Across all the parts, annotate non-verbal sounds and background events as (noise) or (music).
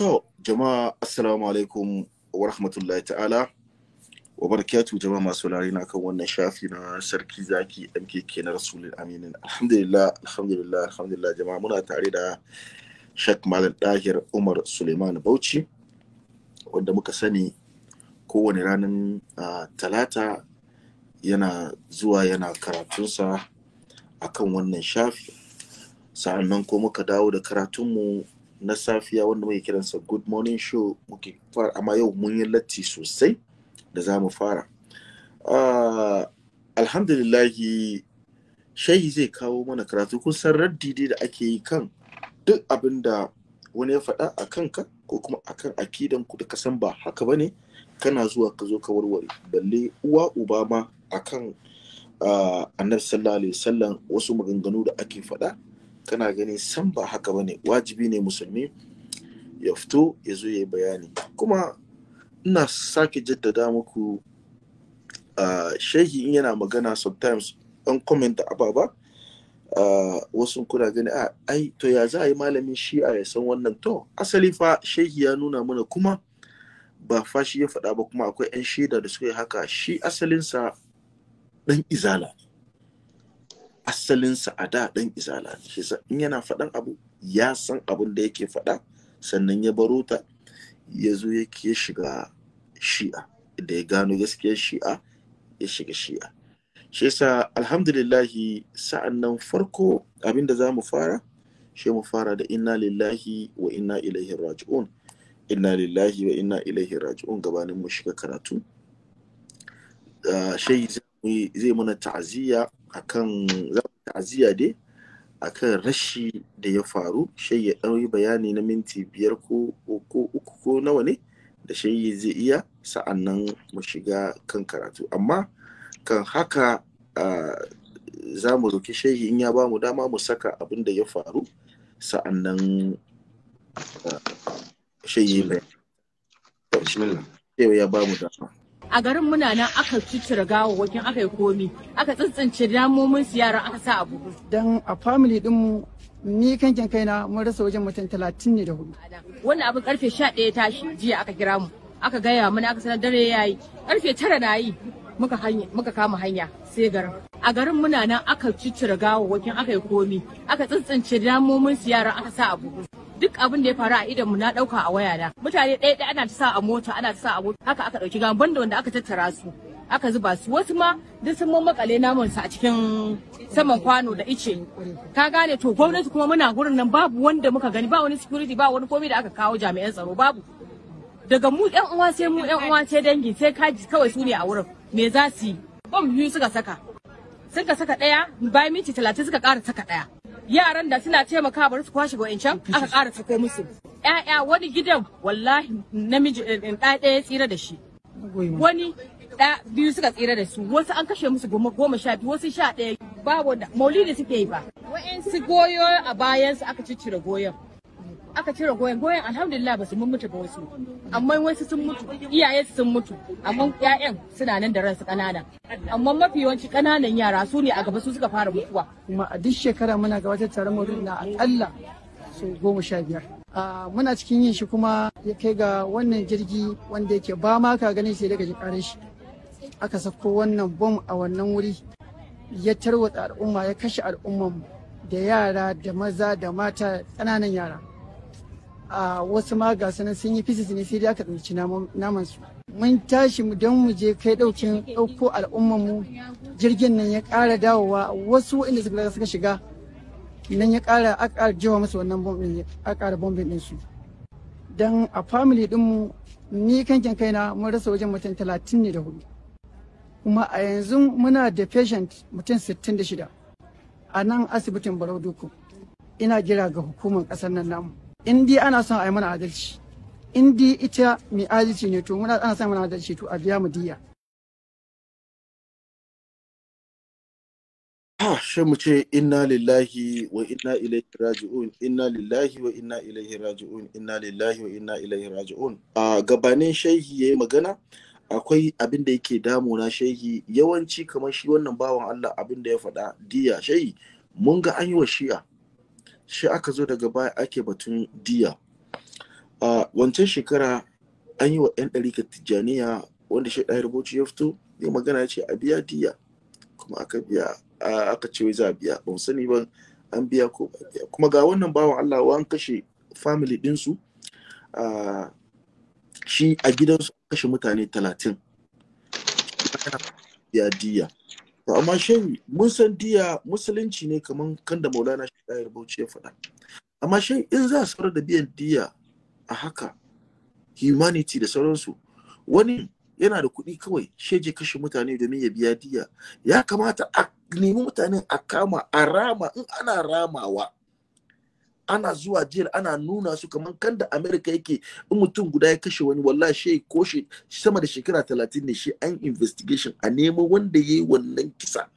To, jama'a assalamu alaikum wa rahmatullahi ta'ala. Wa barakatu jama'a masu lari na kan wannan shafi na sarki zaki MKK na Rasulun Aminin. Alhamdulillah, alhamdulillah, alhamdulillah jama'a muna tare da shek Malam Dahir Umar Suleiman Bauchi wanda muka sani kowane ranar uh, talata yana zuwa yana karatunsa akan wannan shafi. sa'annan ko muka dawo da karatunmu na safiya wanda muke kiransa good morning show muke fara amma yau mun yi latti sosai da za mu fara uh, alhamdulillahi shayi zai kawo mana karatu kun san raddidi da ake yi kan duk abin da wani ya faɗa a ka? ko kuma a kan akidan ku da ka san ba haka ba ne kana zuwa ka zo ka warware balle uwa uba ma a kan uh, annabi sallallahu alaihi wasallam wasu maganganu da ake faɗa kana gani san ba haka ba ne wajibi ne musulmi ya fito ya zo ya bayani kuma ina sake jaddada muku uh, shehi in yana magana sometimes an comment ababa wasu kuna gani a ah, ai to ya za a yi malamin shi'a ya san wannan to asali fa shehi ya nuna mana kuma ba fashi ya faɗa ba kuma akwai 'yan shaida da suka yi haka shi asalinsa ɗan izala asalinsa a da ɗan izala shi in yana faɗan abu ya san abin da yake faɗa sannan ya baro ta ya zo yake shiga shi'a da ya gano gaskiyar shi'a ya shiga shi'a shi yasa alhamdulillahi sa'an nan farko abin da za mu fara shi mu fara da inna lillahi wa inna ilaihi raji'un inna lillahi wa inna ilaihi raji'un gabanin mu shiga karatu ah, shai zai muna ta'aziyya akan ta'aziyya dai akan rashi da ya faru shai ya ɗauki bayani na minti biyar ko uku ko nawa ne da shai zai iya sa'annan mu shiga kan karatu amma kan haka za mu roki shehi in ya ba mu dama mu saka abin da ya faru sa'annan shehi bai ya ba mu dama a garin muna nan aka ciccire wakin aka yi komi aka tsintsince damomin su yaran aka sa abu. dan a family din mu ni kankin kaina mun rasa wajen mutum talatin ne da hudu wannan abin karfe 11 tashi jiya aka kira mu aka gaya mana aka sanar dare yayi karfe tara na yi muka hanya muka kama hanya sai garin a garin muna nan aka ciccire gawawwakin aka yi komi aka tsintsince damomin su yaran aka sa a duk abin da ya faru a idan mu na dauka a waya na mutane ɗaya ɗaya ana ta sa a mota ana ta sa a mota haka aka ɗauki gawa banda wanda aka tattara su aka zuba su wasu ma duk sun makale naman su a cikin saman kwano da ice ka gane to gwamnati kuma muna gurin nan babu wanda muka gani ba wani security ba wani komi da aka kawo jami'an tsaro babu daga mu yan uwa sai mu yan uwa sai dangi sai kaji kawai su ne a wurin me za su yi bom biyu suka saka sun ka saka ɗaya bayan minti talatin suka ƙara saka ɗaya yaran da suna taimaka bari su kwashe can aka ƙara sako musu ƴaƴa wani gidan wallahi namiji eh, eh, ɗaya ɗaya tsira da shi wani ɗaya biyu suka tsira da su wasu an kashe musu goma goma sha biyu wasu sha ɗaya ba wanda maulidi suke yi ba su goyo a bayan su aka ciccire goyon aka cire goyon goyon alhamdulillah ba su mun mutu ba wasu amma wasu sun mutu iyaye sun mutu amma ƴaƴan suna nan da ransu kanana amma mafi yawanci kananan yara su ne a gaba su suka fara mutuwa kuma a duk shekara muna gabatar taron maulidi na akalla su goma sha biyar muna cikin yin shi kuma ya kai ga wannan jirgi wanda yake ba ma ka ganin sai daga jikarin shi aka sako wannan bom a wannan wuri ya tarwatsa al'umma ya kashe al'umman da yara da maza da mata ƙananan yara a wasu ma ga sanan sun yi fisis ne sai dai aka tsinci naman su mun tashi mu don mu je kai daukin dauko al'umman mu jirgin nan ya ƙara dawowa wasu inda suka suka shiga nan ya ƙara a ƙara jiwa musu wannan bombin a ƙara bombin din su dan a family din mu ni kankin kaina mun rasa wajen mutum talatin ne da hudu kuma a yanzu muna da patient mutum sittin da shida a nan asibitin barau duku ina jira ga hukumar ƙasar nan namu Indi ana son a yi mana adalci Indi ita mai adalci ne to muna ana son mana adalci to a biya mu diya sai mu ce inna lillahi wa inna ilaihi raji'un inna lillahi wa inna ilaihi raji'un inna lillahi wa inna ilaihi raji'un a gabanin shehi yayi magana akwai abin da yake damuna shehi yawanci kamar shi wannan bawan Allah abin da ya faɗa diya shehi mun ga an yi wa shi'a shi aka zo daga baya ake batun diya a wancan shekara an yi wa 'yan ɗarika tijjaniya wanda shi ɗaya rubuci ya fito ya magana ce a biya diya kuma aka biya aka ce za a biya ban sani ba an biya ko ba biya kuma ga wannan bawan Allah wa an kashe family ɗinsu a shi a gidansu kashe mutane talatin ya diya amma shehi mun san diya musulunci ne kamar Kanda da maulana shi ɗayar bauchi ya faɗa amma shehi in za su da biyan diya a haka humanity da sauransu wani yana da kuɗi kawai sheje kashe mutane domin ya biya diya ya kamata a nemi mutane a kama a rama in ana ramawa ana zuwa jiyar ana nuna su kamar kan da america yake in mutum guda ya kashe wani wallahi shi ko shi sama da shekara talatin ne shi an investigation a neman wanda ya yi wannan kisa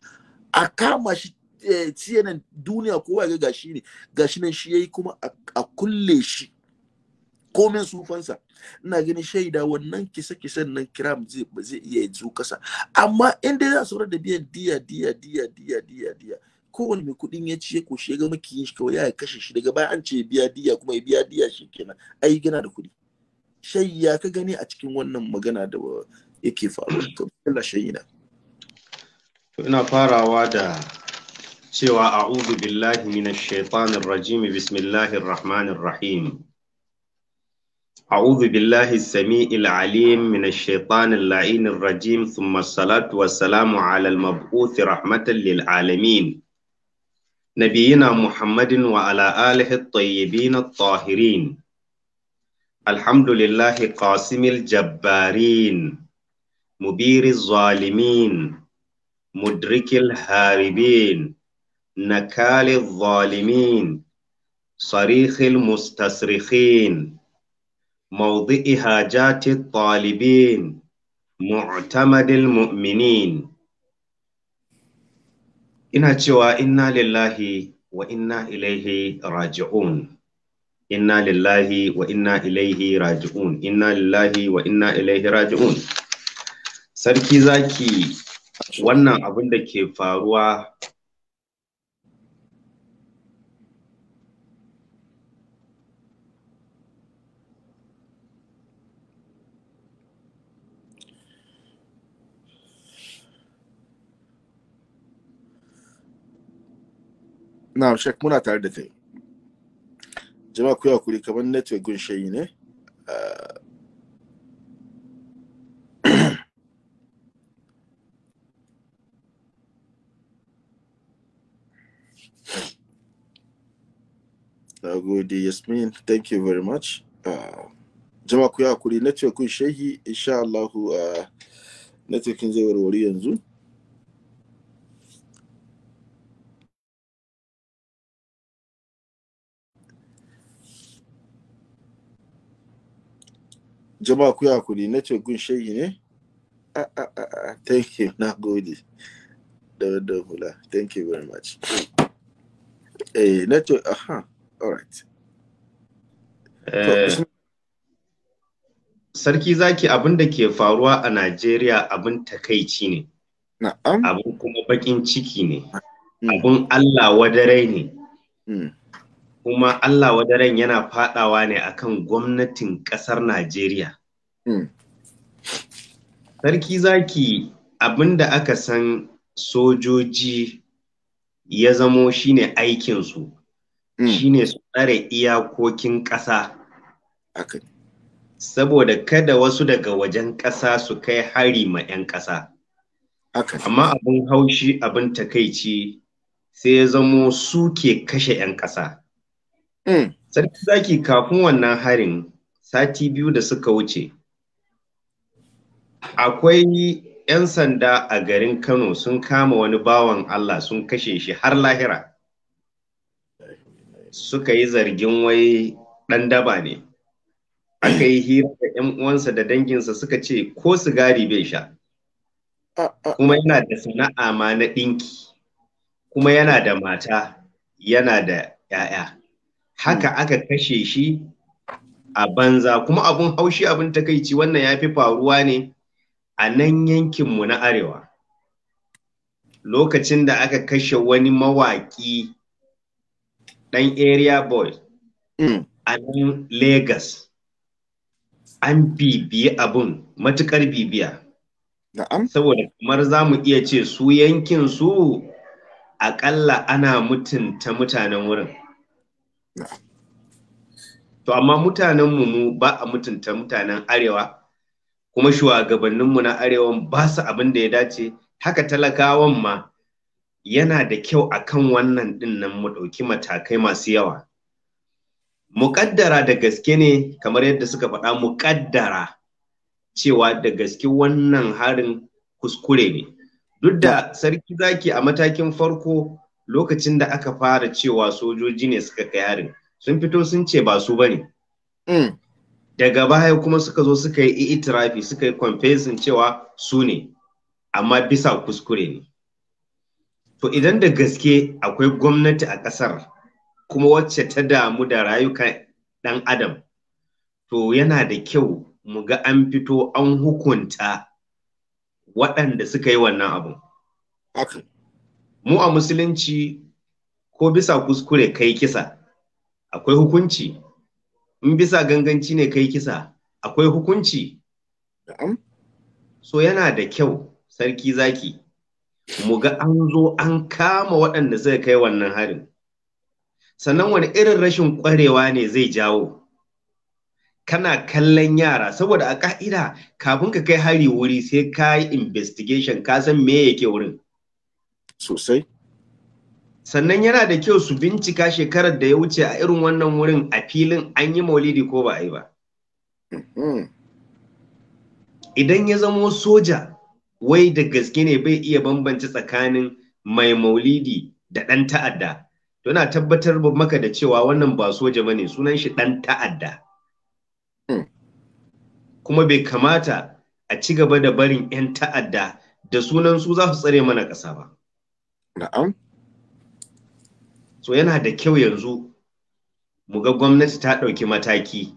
a kama shi eh, CNN duniya kowa ga gashi ne gashi nan shi yi kuma a kulle shi komen sufansa ina ganin shaida wannan kisa-kisan nan kiram zai iya yanzu kasa amma inda za su da biyan diya diya diya diya diya diya kowane mai kuɗin ya ci ya koshi ya ga makiyin shi kawai ya kashe shi daga baya an ce ya biya diya kuma ya biya diya shi kenan ai gana da kuɗi shai ya ka gani a cikin wannan magana da yake faruwa to Allah shayina ina farawa da cewa a'udhu billahi minash shaitanir rajim bismillahir rahmanir rahim أعوذ بالله السميع العليم من الشيطان اللعين الرجيم ثم الصلاة والسلام على المبعوث رحمة للعالمين نبينا محمد وعلى آله الطيبين الطاهرين الحمد لله قاسم الجبارين مبير الظالمين مدرك الهاربين نكال الظالمين صريخ المستصرخين موضئ هاجات الطالبين معتمد المؤمنين ina cewa inna lillahi wa inna ilaihi raji'un inna lillahi wa inna ilaihi raji'un inna lillahi wa inna ilaihi raji'un sarki zaki wannan abin da ke faruwa na shek muna tare da kai jama'a ku kuri kamar network gun shayi ne ah. na gode yasmin thank you very much ah. jama'a ku kuri network gun shayi insha Allah ah, zai warware yanzu jama'a ku ya hakuri na ce gun shayi ne a thank you na gode da wadda hula thank you very much eh na ce aha all right eh, sarki zaki abinda ke faruwa a Najeriya abin takaici ne abin kuma bakin ciki ne hmm. abin Allah wadarai ne hmm. kuma Allah wadaren yana fadawa ne akan gwamnatin kasar Najeriya. Hmm. Sarki zaki abinda aka san sojoji ya zamo shine aikinsu, hmm. shine su tsare iyakokin ƙasa. Saboda kada wasu daga wajen ƙasa su kai hari ma 'yan ƙasa. Amma abin haushi abin takaici sai ya zamo su ke kashe 'yan ƙasa. Hmm. Sarki zaki kafin wannan harin sati biyu da suka wuce, akwai 'yan sanda a garin Kano sun kama wani bawan Allah sun kashe shi har lahira. Suka yi zargin wai ɗan daba ne. Aka yi hira da 'yan uwansa da danginsa suka ce ko sigari bai sha. Kuma yana da sana'a ma na ɗinki, kuma yana da mata, yana da 'ya'ya. haka hmm. aka kashe shi a banza kuma abun haushi abin takaici wannan ya fi faruwa ne a nan yankinmu na arewa lokacin da aka kashe wani mawaƙi ɗan area boy hmm. a nan lagos an bibiye abun matuƙar bibiya saboda kamar za mu iya ce su yankin su aƙalla ana mutunta mutanen wurin to amma mutanenmu mu ba a mutunta mutanen arewa kuma shugabanninmu na Arewa ba su abin da ya dace haka talakawan ma yana da kyau akan wannan dinnan nan mu ɗauki matakai masu yawa muƙaddara da gaske ne kamar yadda suka faɗa muƙaddara cewa da gaske wannan harin kuskure ne duk da sarki zaki a matakin farko lokacin da aka fara cewa sojoji ne suka kai harin sun fito sun ce ba su bane mm. daga baya kuma suka zo suka yi itirafi suka yi confessing cewa su ne amma bisa kuskure ne to idan da gaske akwai gwamnati a ƙasar kuma wacce ta damu da rayukan ɗan adam to yana da kyau mu ga an fito an hukunta waɗanda suka yi wannan abun. mu a musulunci ko bisa kuskure kai kisa akwai hukunci in bisa ganganci ne kai kisa akwai hukunci so yana da kyau sarki zaki mu ga an zo an kama waɗanda zai kai wannan harin sannan wani irin rashin ƙwarewa ne zai jawo kana kallon yara saboda a ƙa'ida kafin ka kai hari wuri sai ka yi investigation ka san me yake wurin sosai sannan yana da kyau su bincika shekarar da ya wuce a irin wannan wurin a filin an yi maulidi ko ba a yi ba mm-hmm. idan ya zamo soja wai da gaske ne bai iya bambance tsakanin mai maulidi da ɗan ta'adda to yana tabbatar maka da cewa wannan ba soja ba ne sunan shi ɗan ta'adda mm. kuma bai kamata a ci gaba da barin 'yan ta'adda da sunan su za su tsare mana ƙasa ba. Na'am. So yana da kyau yanzu mu ga gwamnati ta ɗauki mataki.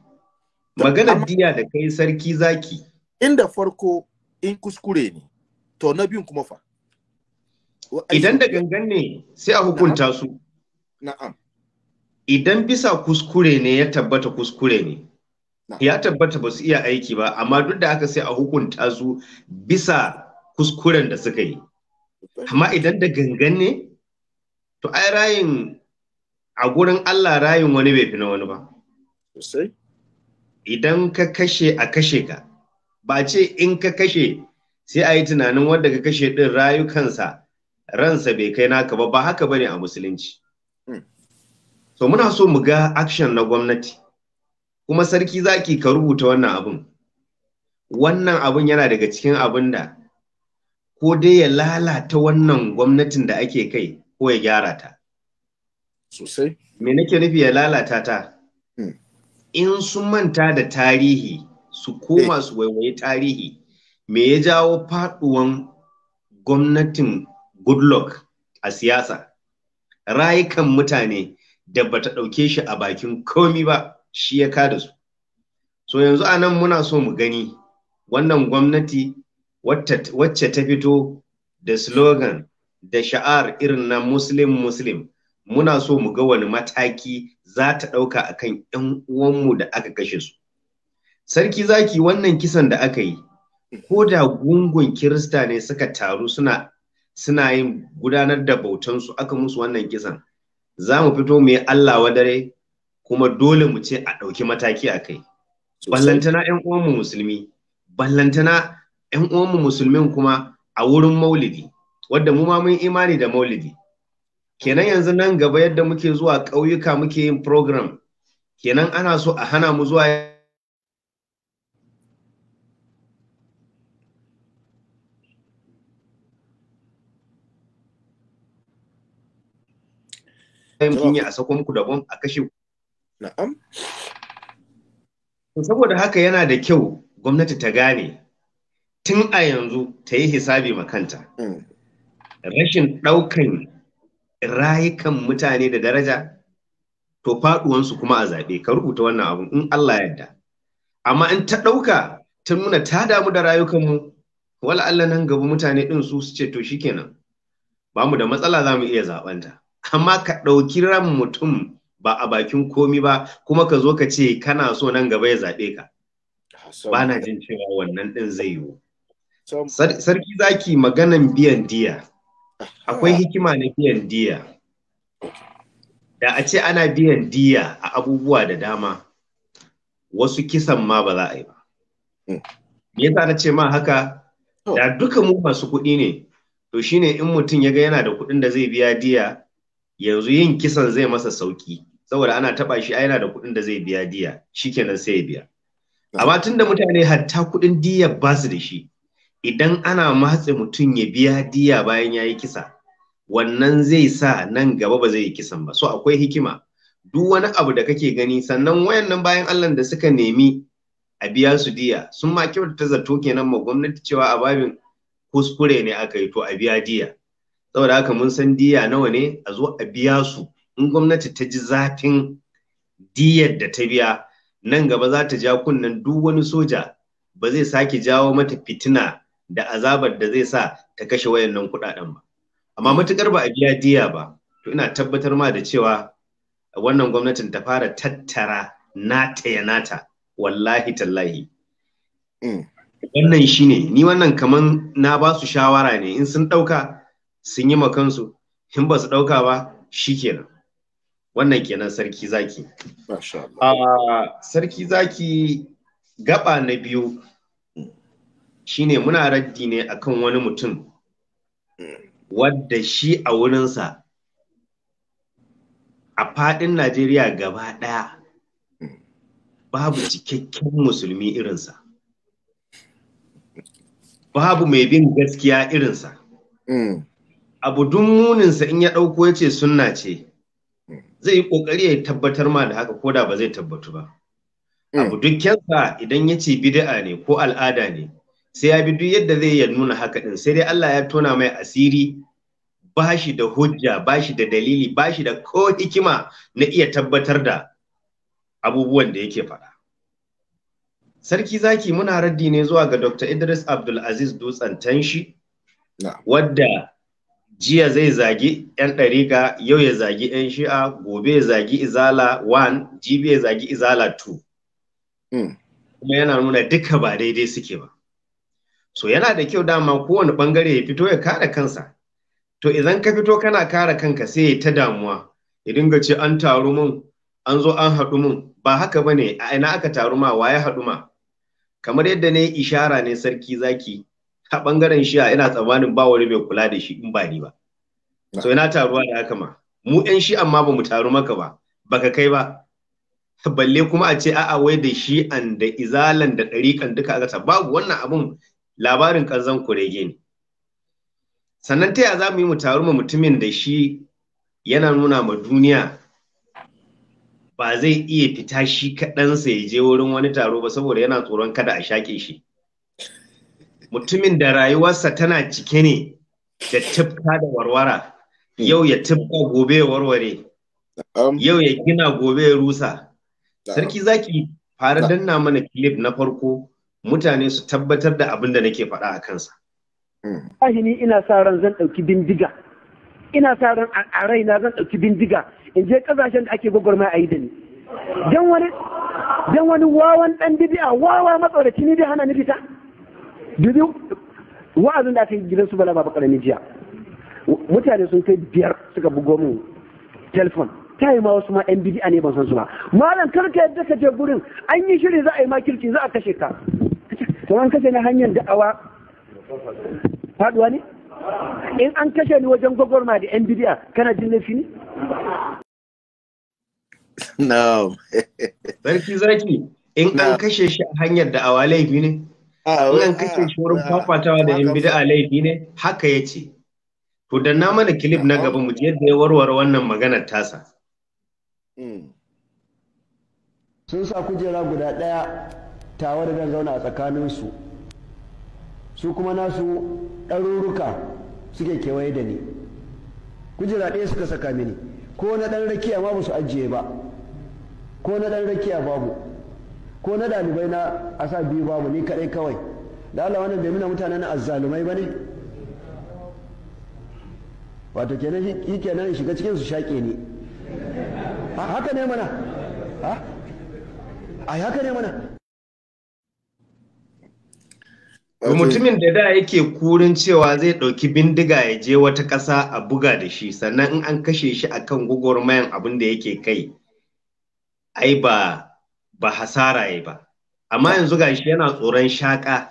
Maganar diya da kai sarki zaki. Inda farko in kuskure ne, to na biyun kuma fa. Idan da gangan ne sai a hukunta su. Na'am. Idan bisa kuskure ne ya tabbata kuskure ne. Ya tabbata ba su iya aiki ba, amma duk da aka sai a hukunta su bisa kuskuren da suka yi. amma idan da gangan ne to ai rayin a gurin Allah rayin wani bai fi na wani ba idan ka kashe a kashe ka ba ce in ka kashe sai a yi tunanin wanda ka kashe ɗin rayukansa ransa bai kai naka ba ba haka bane a musulunci hmm. so muna so mu ga action na gwamnati kuma sarki zaki ka rubuta wannan abun wannan abun yana daga cikin abinda. ko dai ya lalata wannan gwamnatin da ake kai ko ya gyara ta. Sosai. Me nake nufi ya lalata ta? Hmm. In sun manta da tarihi su koma eh. su waiwaye tarihi me ya jawo faɗuwan gwamnatin Goodluck a siyasa. Rayukan mutane da bata ɗauke shi a bakin komi ba shi ya kada su. So yanzu anan muna so mu gani wannan gwamnati wacce ta fito da slogan da sha'ar irin na muslim muslim muna so mu ga wani mataki za ta ɗauka a kan ‘yan uwanmu da aka kashe su. Sarki zaki wannan kisan da aka yi, ko da gungun Kirista ne suka taru suna suna yin gudanar da bautansu aka musu wannan kisan, za mu fito mu yi Allah wadare kuma dole mu ce a ɗauki mataki a kai. Ballantana ‘yan uwanmu musulmi, ballantana ‘yan uwanmu musulmin kuma a wurin maulidi wadda mu ma mun imani da maulidi kenan yanzu nan gaba yadda muke zuwa ƙauyuka muke yin program kenan ana so a hana mu zuwa yi a sako ku dabam a kashe Na'am. Saboda haka yana da kyau gwamnati ta gane tun a yanzu ta yi hisabi kanta. Mm. rashin ɗaukan rayukan mutane da daraja to faɗuwansu kuma a zaɓe ka rubuta wannan abun in Allah yadda amma in ta ɗauka tun nuna ta damu da rayukanmu wala Allah nan gaba mutane ɗin su su ce to shi kenan. ba mu da matsala za mu iya zaɓanta amma ka ɗauki ran mutum ba a bakin komi ba kuma ka zo ka ce kana so nan gaba ya zaɓe ka ba na jin cewa wannan ɗin zai yiwu Sarki zaki maganan biyan diya. Akwai hikima na biyan diya. Da a ce ana biyan diya a abubuwa da dama, wasu kisan ma ba za a yi ba. Me yasa na ce ma haka, da duka mu masu kuɗi ne, to shine in mutum ya ga yana da kuɗin da zai biya diya, yanzu yin kisan zai masa sauki. Saboda ana taɓa shi a yana da kuɗin da zai biya diya, shi kenan sai ya biya. Amma tun da mutane hatta kuɗin diya ba su da shi, idan ana matse mutum ya biya diya bayan ya yi kisa wannan zai sa nan gaba ba zai yi kisan ba so akwai hikima duk wani abu da kake gani sannan wayannan bayan Allah da suka nemi a biya su diya sun ma kyautata zato kenan ma gwamnati cewa a babin kuskure ne aka yi to a biya diya saboda haka mun san diya nawa ne a zo a biya su in gwamnati ta ji zafin diyar da ta biya nan gaba za ta ja kunnen duk wani soja ba zai sake jawo mata fitina da azabar da zai sa ta kashe wayannan kuɗaɗen ba amma matukar ba a biya diya ba to ina tabbatar ma da cewa wannan gwamnatin ta fara tattara nata ya nata wallahi tallahi mm. wannan shi ne. ni wannan kaman na ba su shawara ne in sun ɗauka sun yi kansu in ba su ɗauka ba shi kenan. wannan kenan sarki zaki ah, sarki zaki gaba na biyu shine muna raddi ne akan wani mutum wadda shi a wurinsa a faɗin Najeriya gaba ɗaya babu cikakken musulmi irinsa. Babu mai bin gaskiya irinsa. Abu dun muninsa in ya ɗauko ya ce sunna ce, zai yi ƙoƙari ya tabbatar ma da haka ko da ba zai tabbatu ba. Abu sa idan ya ce bid'a ne ko al'ada ne, sai ya bi duk yadda zai ya nuna haka din sai dai Allah ya tona mai asiri ba shi da hujja ba shi da dalili ba shi da ko hikima na iya tabbatar da abubuwan da yake faɗa. Sarki zaki muna raddi ne zuwa ga Dr. Idris Abdulaziz Dutsen Tanshi, wadda jiya zai zagi 'yan ɗariƙa yau ya zagi 'yan shi'a gobe ya zagi izala 1 gb ya zagi izala 2 hmm. kuma yana nuna duka ba daidai suke ba so yana da kyau dama kowane bangare ya fito ya kare kansa to idan ka fito kana kare kanka sai ya ta damuwa ya dinga ce an taru mun an zo an haɗu mun ba haka ba ne, a ina aka taru ma ya haɗu ma kamar yadda ne ishara ne sarki zaki a bangaren shi ina tsammanin ba wani bai kula da shi in ba ni ba so ina taruwa da haka ma mu yan shi amma ba mu taru maka ba baka kai ba balle kuma a ce a'a wai da shi an da izalan da ɗariƙan duka aka babu wannan abun labarin ƙanzan kurege ne sannan ta za mu yi mu taru ma mutumin da shi yana nuna ma duniya ba zai iya fita shi kaɗansa ya je wurin wani taro ba saboda yana tsoron kada a shaƙe shi mutumin da rayuwarsa tana cike ne da tafka da warwara yau ya tafka gobe ya warware yau ya gina gobe ya rusa sarki zaki fara danna mana clip na farko mutane su tabbatar da abin da nake faɗa a kansa. Hmm. Ahini ina sa ran zan ɗauki bindiga. Ina sa ran a raina zan ɗauki bindiga in je ƙasashen da ake gwagwarmaya a yi da ni. Don wani don wani wawan ɗan bidiya wawa matsoraci ni dai hana ni fita. Dubi wa'azin da aka yi gidan su bala ba ƙaramin jiya. Mutane sun kai biyar suka bugo mu telefon. ta yi ma wasu ma yan bidi'a ne ban san su ba malam kar ka yadda ka je gurin an yi shiri za a yi makirci za a kashe ka to an kashe ni hanyar da'awa faduwa ne in an kashe ni wajen gwagwarma da yan bidiya kana jin laifi ne no sarki zaki in an kashe shi a hanyar da'awa laifi ne ah, in an kashe ah, shi wurin fafatawa da yan bidiya laifi ne haka ya ce to danna mana kilif na gaba mu je da ya warware wannan maganar tasa hmm. sun sa kujera guda ɗaya tawa da zan zauna a tsakaninsu su kuma nasu ɗaruruka suke kewaye da ni kujera ɗaya suka saka mini ko na ɗan rakiya ma ba su ajiye ba ko na ɗan rakiya babu ko na ɗalibai na a sa biyu babu ni kaɗai kawai da Allah wannan bai nuna mutanen azzalumai ba ne wato kenan shi kenan shiga cikin su shaƙe ni haka ne mana ai haka ne mana mutumin da da yake kurin cewa zai ɗauki bindiga ya je wata ƙasa a buga da shi sannan in an kashe shi a kan gwagwarmayan abin da yake kai ai ba ba hasara ya ba amma yanzu ga shi yana tsoron shaƙa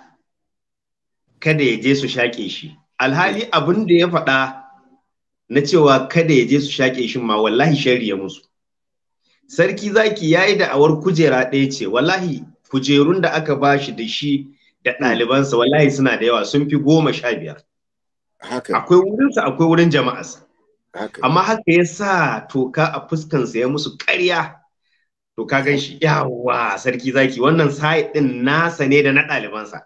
kada ya je su shaƙe shi alhali abin da ya faɗa na cewa kada ya je su shaƙe shi ma wallahi shari'a musu sarki zaki ya yi awar kujera ɗaya ce wallahi kujerun da aka ba shi da shi da ɗalibansa wallahi suna da yawa sun fi goma sha biyar. Akwai wurinsa akwai wurin jama'arsa. Amma haka ya sa toka a fuskansa ya musu ƙarya. To ka gan shi yawa sarki zaki wannan sa'i ɗin nasa ne da na ɗalibansa.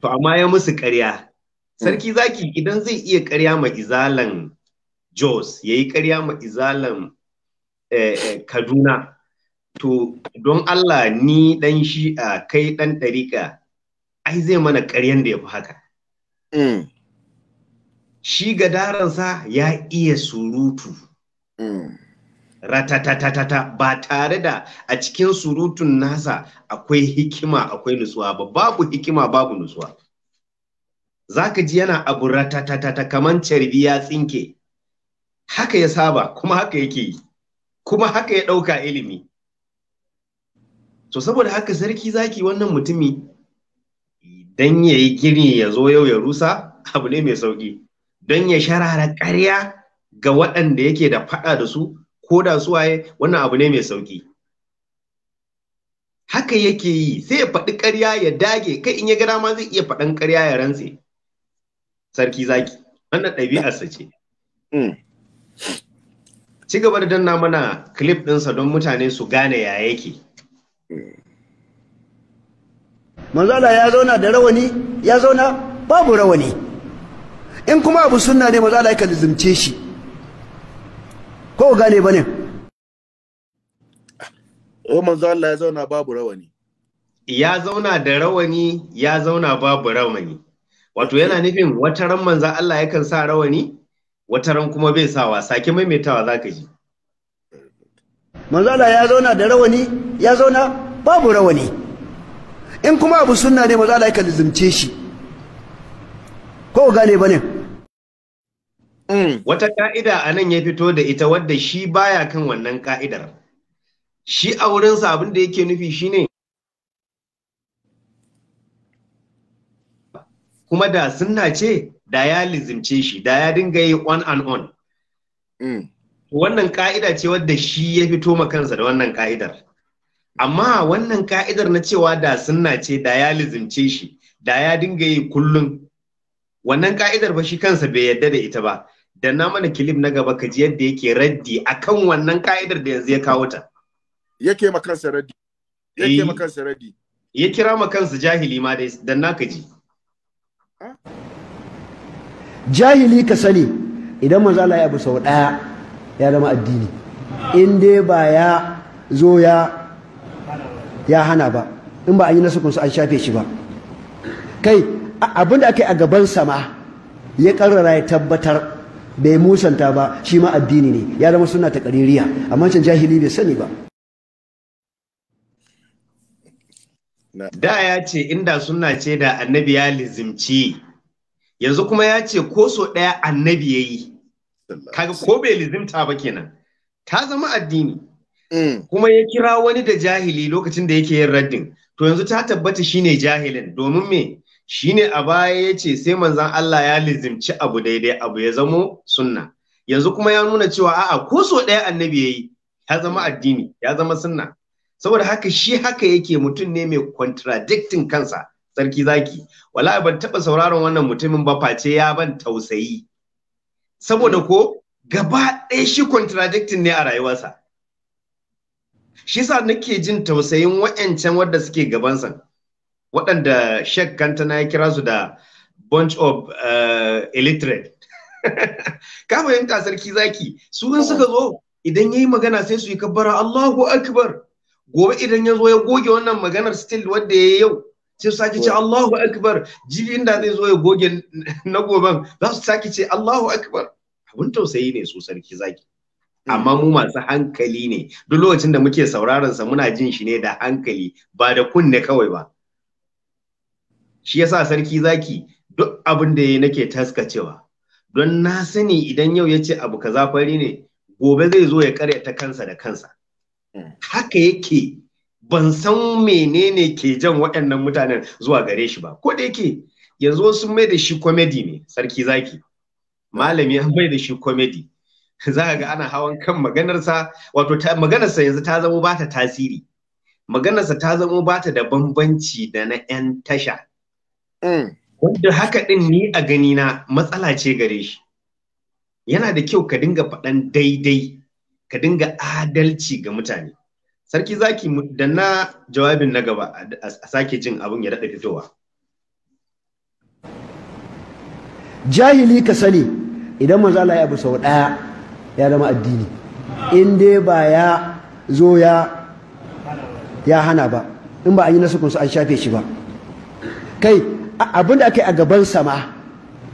To amma ya musu ƙarya. Mm. Sarki zaki idan zai iya ƙarya ma izalan Jos ya yi ƙarya ma izalan eh, eh, Kaduna. To don Allah ni ɗan shi'a kai ɗan ɗariƙa ai zai mana ƙaryen da ya fi haka mm. shi gadaransa ya iya surutu mm. ratatatatata ba tare da a cikin surutun nasa akwai hikima akwai nutsuwa ba babu hikima babu nutsuwa zaka ji yana abu ratatatata kamar carbi ya tsinke haka ya saba kuma haka yake yi kuma haka ya ɗauka ilimi to saboda haka sarki zaki wannan mutumi don ya yi gini ya zo yau ya rusa abu ne mai sauƙi don ya sharara ƙarya ga waɗanda yake da faɗa da su ko da suwaye wannan abu ne mai sauƙi haka yake yi sai ya faɗi ƙarya ya dage kai in ya gada ma zai iya faɗan ƙarya ya rantse sarki zaki wannan ɗabi'arsa ce mm. ci gaba da danna mana clip ɗinsa don mutane su gane ya yake mm. manzo Allah ya zauna da rawani ya zauna babu rawani in kuma abu sunna ne manzo Allah ya lizumce shi ko gane bane o eh, manzo Allah ya zauna babu rawani ya zauna da rawani ya zauna babu rawani wato yana nufin wata ran manzo Allah ya kan sa rawani wata ran kuma bai sawa sake maimaitawa zaka ji manzo Allah ya zauna da rawani ya zauna babu rawani in kuma abu sunna ne maza Allah ka lizumce shi ko gane ba ne? Mm, wata ka'ida nan ya fito da ita wadda shi baya kan wannan ka'idar shi a wurin sabon da yake nufi shi ne. kuma da sunna ce da ya lizimce shi da ya dinga yi on and on mm. wannan ka'ida ce wadda shi ya fito ma kansa da wannan ka'idar amma wannan ka'idar na cewa da sunna ce da ya lizimce shi da ya dinga yi kullum wannan ka'idar ba shi kansa bai yadda da ita ba da na mana kilif na gaba ka ji yadda yake raddi akan wannan ka'idar da yanzu ya kawo ta yake ma kansa raddi yake ma eh. kansa raddi ya kira ma kansa jahili ma dai dan naka ji ah. jahili ka sani idan manzo Allah ya abu sau daya ya zama addini in dai ba ya zo ya ya hana ba in ba an yi nasukunsu an shafe shi ba kai abin da aka yi a gaban sama ya karrara ya tabbatar bai musanta ba shi ma addini ne ya zama suna ta ƙaririya amma can jahili bai sani ba da ya ce inda suna ce da annabi ya lizimci yanzu kuma ya ce ko so ɗaya annabi ya yi ko bai lizimta ba kenan ta zama addini Mm. kuma ya kira wani da jahili lokacin da yake yin raddin to yanzu ta tabbata shine jahilin domin me shine a baya ya ce sai manzan Allah ya lizimci abu daidai abu ya zamo sunna yanzu kuma ya nuna cewa a'a ko so ɗaya annabi ya yi, ya zama addini ya zama sunna saboda haka shi haka yake mutum ne mai contradicting kansa sarki zaki wala ban taba sauraron wannan mutumin ba face ya ban tausayi saboda ko gaba ɗaya shi contradicting ne a rayuwarsa shi yasa nake jin tausayin wa'ancan wadda suke gabansa waɗanda shek kantana ya kira su da bunch of uh, illiterate (laughs) kafa yin sarki zaki su in suka zo idan ya yi magana sai su yi kabbara Allahu akbar gobe idan ya zo ya goge wannan maganar still wanda ya yi yau sai su sake ce Allahu akbar jibi inda zai zo ya goge na goben za su sake ce Allahu akbar abun tausayi ne su sarki zaki amma mm. mu masu hankali ne duk lokacin da muke sauraron sa muna jin shi ne da hankali ba da kunne kawai ba shi yasa sarki zaki duk abin da ya nake taskacewa don na sani idan yau ya ce abu kaza fari ne gobe zai zo ya karya ta kansa da kansa mm. haka yake ban san menene ke jan waɗannan mutanen zuwa gare shi ba ko da yake yanzu sun mai da shi komedi ne sarki zaki malami an mai da shi komedi (laughs) za ga ana hawan kan maganarsa wato maganarsa yanzu ta zama ba ta tasiri maganarsa ta zama ba ta da bambanci da na 'yan tasha mm. wanda haka din ni a gani na matsala ce gare shi yana da kyau ka dinga faɗan daidai ka dinga adalci ga mutane sarki zaki da na jawabin na gaba a sake jin abin ya daɗa fitowa jahili ka sani idan manzo Allah ya abu sau ɗaya ya zama addini in dai ba ya zo ya ya hana ba in ba an yi kunsu an shafe shi ba kai abin da aka yi a gaban sama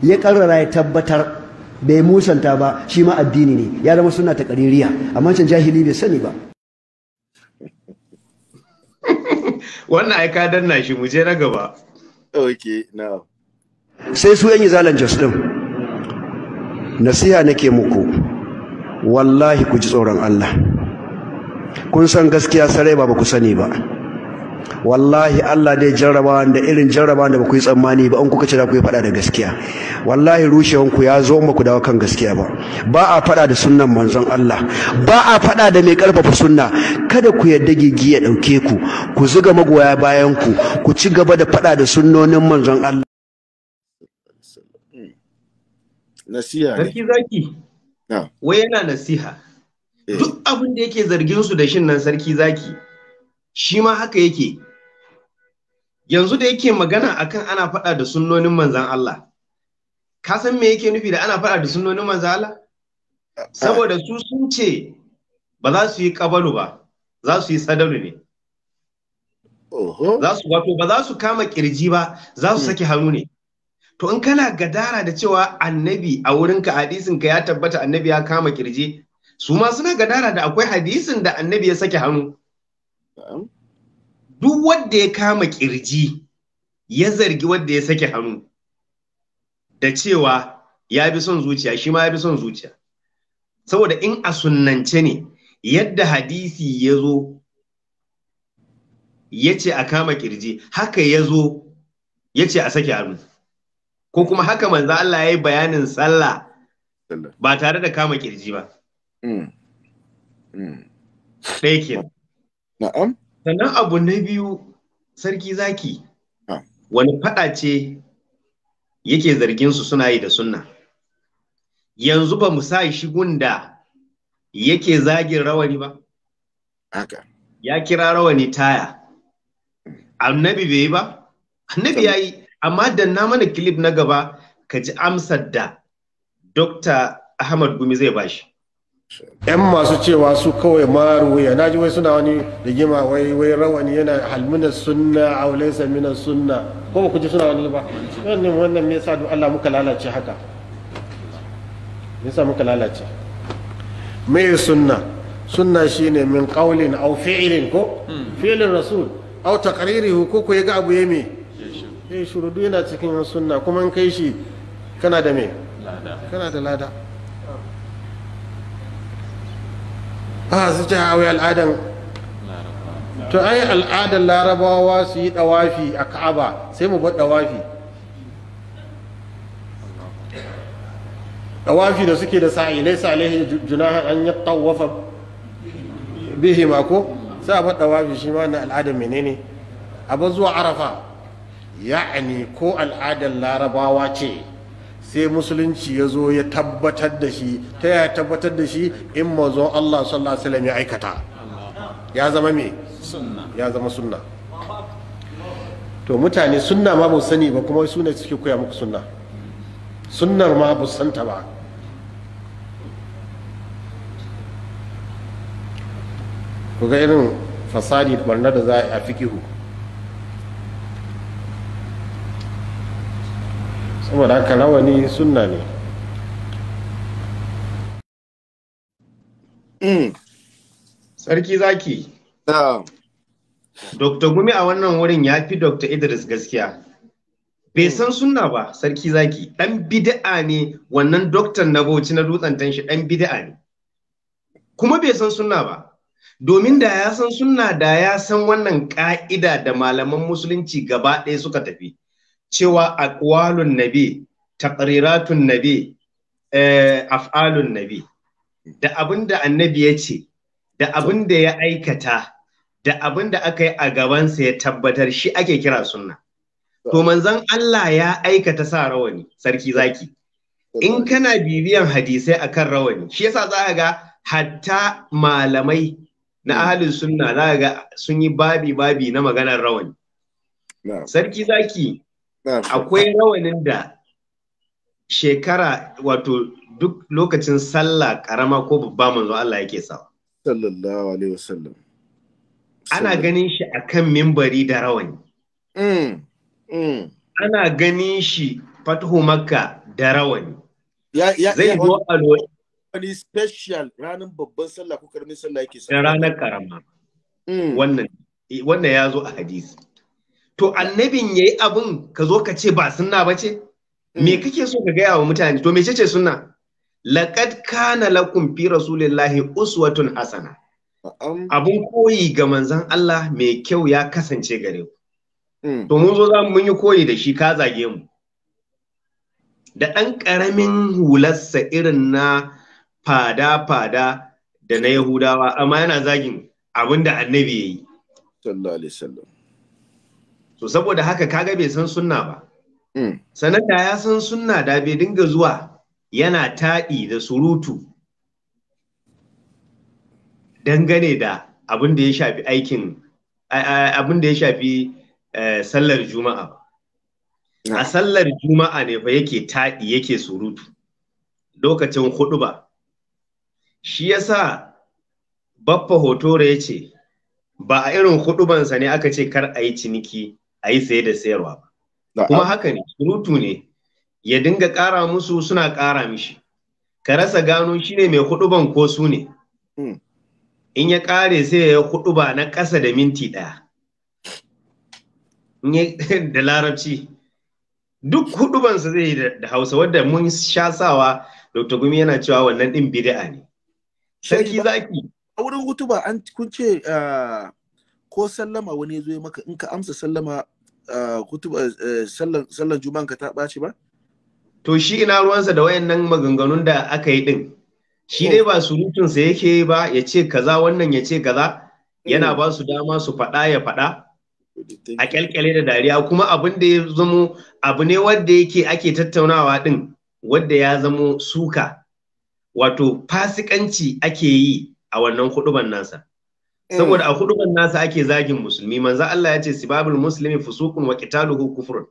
ya karrara ya tabbatar bai musanta ba shi ma addini ne ya zama suna ta kaririya amma can jahili bai sani ba (laughs) wannan ai ka danna shi mu je na gaba okay now sai su yan yi zalan jos nasiha nake muku wallahi ku ji tsoron Allah kun san gaskiya sarai ba ku sani ba wallahi Allah dai jarraba da irin jarraba da ba ku yi tsammani ba an kuka ce da ku yi faɗa da gaskiya wallahi rushewan ku ya zo ba ku dawo kan gaskiya ba ba a faɗa da sunnan manzon Allah ba a faɗa da mai karfafa sunna kada ku yarda gigi ya dauke ku ku zuga magoya bayan ku ku ci gaba da faɗa da sunnonin manzon Allah nasiya ne zaki wai yana nasiha eh. duk abin da yake zargin su da shin nan sarki zaki shi ma haka yake yanzu da yake magana akan ana faɗa da sunnonin manzan Allah ka san me yake nufi da ana faɗa da sunnonin manzan Allah saboda su sun ce ba za su yi kabalu ba za su yi sadaru ne za su wato ba za su kama kirji ba za su hmm. saki hannu ne to in kana gadara da cewa annabi a wurinka hadisin ya tabbata annabi ya kama kirji su ma suna gadara da akwai hadisin da annabi ya sake hannu duk wanda ya kama kirji ya zargi wanda ya sake hannu da cewa ya bi son zuciya shi ma ya bi son zuciya saboda in a sunnance ne yadda hadisi ya zo ya ce a kama kirji haka ya zo ya ce a sake hannu ko kuma haka manzo Allah ya yi bayanin sallah ba tare da kama kirji ba mm. Mm. ɗaya na'am sannan abu na biyu sarki zaki wani faɗa ce yake zargin suna yi da sunna yanzu ba mu sa shi gunda yake zagin rawani ba haka ya kira rawani taya mm. annabi bai yi ba annabi ya amma da na mana clip na gaba ka ji amsar da Dr. Ahmad Gumi zai bashi. ‘Yan masu cewa su kawai maruwa na ji wai suna wani rigima wai wai rawani yana halmina sunna a walaisa mina sunna ko ba ku ji suna wani ba wannan wannan me yasa Allah muka lalace haka me yasa muka lalace me sunna sunna shine min qawlin aw fi'lin ko hmm. fi'lin rasul aw taqririhi ko ko ga abu yame eh shuru yana cikin sunna kuma in kai shi kana da me kana da lada a ah, su ce hawa ah, al'adan to ai al'adan larabawa su yi dawafi a ka'aba sai mu bar dawafi dawafi da suke da sa'i laysa alaihi junahan an yatawafa bihi ma ko sai a bar dawafi shi ma na al'adan menene a bar zuwa arafa ya'ani ko al'adar larabawa ce sai musulunci ya zo ya tabbatar da shi ta ya tabbatar da shi in mazo Allah sallallahu alaihi wasallam ya aikata ya zama me ya zama sunna to mutane sunna ma ba sani ba kuma su ne suke koya muku sunna sunnar ma ba santa ba ku ga irin fasadi barna da za a fikihu saboda haka rawani sunna ne hmm. sarki zaki Dr. Gumi a wannan wurin ya fi Dr. Idris gaskiya. Bai hmm. san sunna ba, sarki zaki, ɗan bid'a ne wannan doktan na bauchi na dutsen tanshi ɗan bid'a ne. Kuma bai san sunna ba, domin da ya san sunna da ya san wannan ƙa'ida da malaman musulunci gaba ɗaya suka tafi. cewa akwalun nabi taqriratun nabi eh, af'alun nabi da abin da annabi ya ce da abin ya aikata da abin aka yi a gabansa ya tabbatar shi ake kira sunna to manzon Allah ya aikata sa rawani sarki zaki in kana bibiyan hadisai akan rawani shi yasa za ga hatta malamai na ahalin sunna za ga sun yi babi babi na maganar rawani sarki zaki akwai rawanin da shekara wato duk lokacin sallah karama ko babba manzo Allah yake sa sallallahu alaihi wasallam ana ganin shi akan mimbari da rawani mm, mm. ana ganin shi fatuhu makka da rawani zai zo a wani special ranar babban sallah ko karamin sallah yake sa ranar karama mm. wannan eh, wannan ya zo a hadisi to annabin yayi abin ka zo ka ce ba sunna ba ce me mm. kake so ka gaya wa mutane to mece ce sunna laqad kana lakum fi rasulillahi uswatun Hassana. abun koyi ga manzon Allah mai kyau ya kasance gare ku mm. to mun zo za mun yi koyi da shi ka zage mu da ɗan ƙaramin hularsa irin na fada-fada da na Yahudawa, amma yana zagin abin da annabi ya yi. Sallallahu Alaihi Wasallam. to saboda haka kaga bai san sunna ba mm. sannan da ya san sunna da bai dinga zuwa yana taɗi da surutu dangane da abin da ya shafi aikin abin da ya shafi eh, sallar juma'a ba a sallar juma'a ne fa yake taɗi yake surutu lokacin hudu ba shi yasa baffa hoto ya ce ba a irin huɗubansa ne aka ce kar a yi ciniki a yi saye da sayarwa ba kuma haka ne surutu ne ya dinga ƙara musu suna ƙara mishi ka rasa gano shi ne mai huɗuban ko su ne hmm. in ya ƙare sai ya huɗuba na ƙasa da minti ɗaya (laughs) da larabci duk su zai yi da hausa wadda mun sha sawa dr gumi yana cewa wannan ɗin bida'a ne sarki zaki a wurin hutuba an kun ce ah, ko sallama wani ya zo maka in ka amsa sallama kutuba eh, sallar juma'an ka ta ɓaci ba? To shi ina ruwansa da wayannan maganganun da aka yi ɗin. Shi dai ba surutunsa yake ba ya ce kaza wannan ya ce kaza yana mm. ba su dama su faɗa ya faɗa a kyalkyale da dariya kuma abin da ya zamo abu ne wanda yake ake tattaunawa ɗin wanda ya zamo suka wato fasikanci ake yi a wannan kuɗuban nasa saboda eh. a huduban nasa ake zagin musulmi manzo Allah ya ce sibabul muslimi fusuqun wa qitaluhu kufrun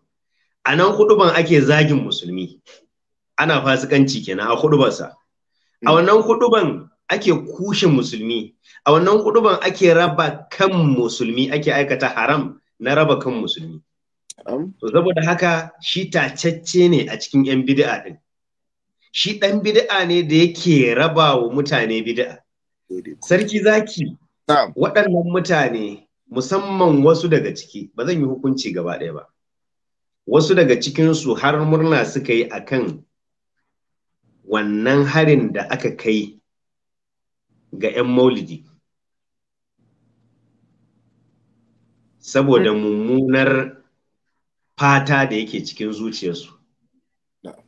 a nan huduban ake zagin musulmi ana fasikanci kenan a sa. a hmm. wannan huduban ake kushe musulmi a wannan huduban ake raba kan musulmi ake aikata haram na raba kan musulmi to saboda haka shi cacce ne a cikin yan bid'a din shi dan bid'a ne da yake raba wa mutane bid'a sarki zaki waɗannan mutane musamman wasu daga ciki ba zan yi hukunci gaba ɗaya ba wasu daga cikinsu har murna suka yi a kan wannan harin da aka kai ga 'yan maulidi saboda mummunar fata da yake cikin zuciyarsu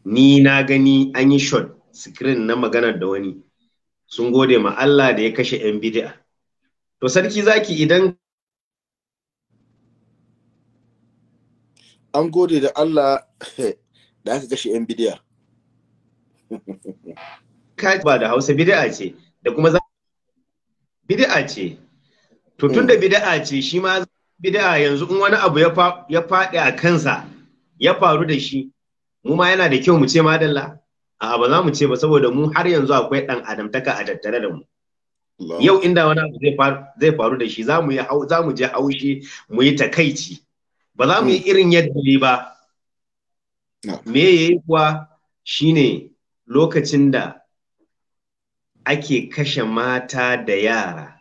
ni na gani an yi shot screen na maganar da wani sun gode ma Allah da ya kashe 'yan bid'a. to sarki zaki idan an gode da Allah (laughs) da aka kashe 'yan bidiya. (laughs) ba da hausa bidi'a ce da kuma za bidi'a ce to tun da hmm. bidi'a ce shi ma bidi'a yanzu in wani abu ya faɗi a kansa ya faru da shi mu ma yana da kyau mu ce madalla a ba za mu ce ba saboda mu har yanzu akwai ɗan adamtaka a tattare da mu yau inda wani abu zai faru da shi za mu je haushi mu yi takaici ba za mu yi hmm. irin yadda ne ba me ya yi kuwa shine lokacin da ake kashe mata da yara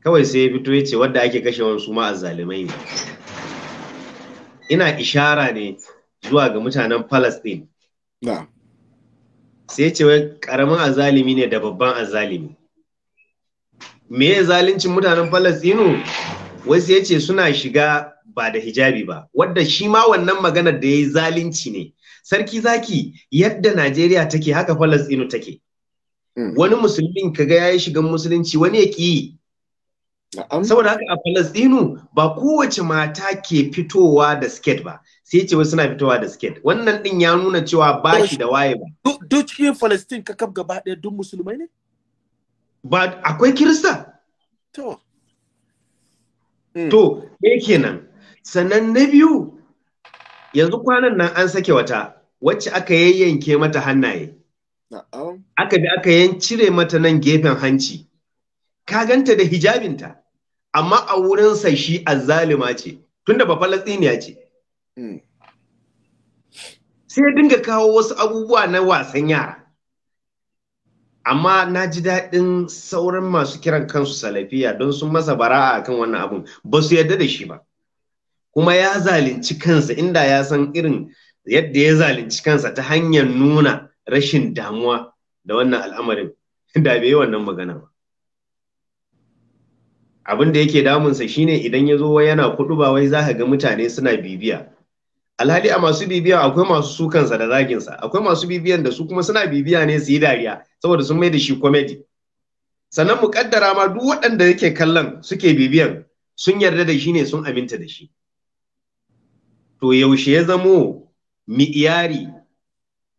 kawai sai ya fito ya ce wadda ake kashe wasu ma a zalimai ne ina ishara ne zuwa ga mutanen palestine sai ce wai karamin azalimi ne da babban azalimi me ya zalincin mutanen Falasɗinu? wasu ya ce suna shiga ba da hijabi ba wadda shi ma wannan maganar da ya yi zalunci ne sarki zaki yadda najeriya take haka falastinu take hmm. wani musulmin kaga ya yi shigan musulunci wani ya ki saboda haka a Falasɗinu, ba kowace mata ke fitowa da skate ba sai ce wasu suna fitowa da siket. wannan din ya nuna cewa ba shi da waye ba duk cikin ka kakab gaba ɗaya duk musulmai ne ba akwai kirista to to me kenan sannan na biyu yanzu kwanan nan an sake wata wacce aka yayyanke mata hannaye aka bi aka yan cire mata nan gefen hanci ka ganta da hijabinta amma a wurinsa shi azzalima ce tunda ba falastiniya ce Hmm. sai dinga kawo wasu abubuwa na wasan yara amma na ji daɗin sauran masu kiran kansu salafiya don sun masa bara'a akan wannan abun ba su yarda da shi ba kuma ya zalunci kansa inda ya san irin yadda ya zalunci kansa ta hanyar nuna rashin damuwa da wannan al'amarin (laughs) da bai yi wannan magana ba abin da yake damunsa shine idan ya zo wa yana kuɗu ba wai za ka ga mutane suna bibiya alhali a masu bibiya akwai masu sukansa da zaginsa akwai masu bibiyan da su kuma suna bibiya ne su yi dariya saboda sun mai da shi komedi sannan mu kaddara ma duk waɗanda yake kallon suke bibiyan sun yarda da shi ne sun aminta da shi to yaushe ya zamo mi'iyari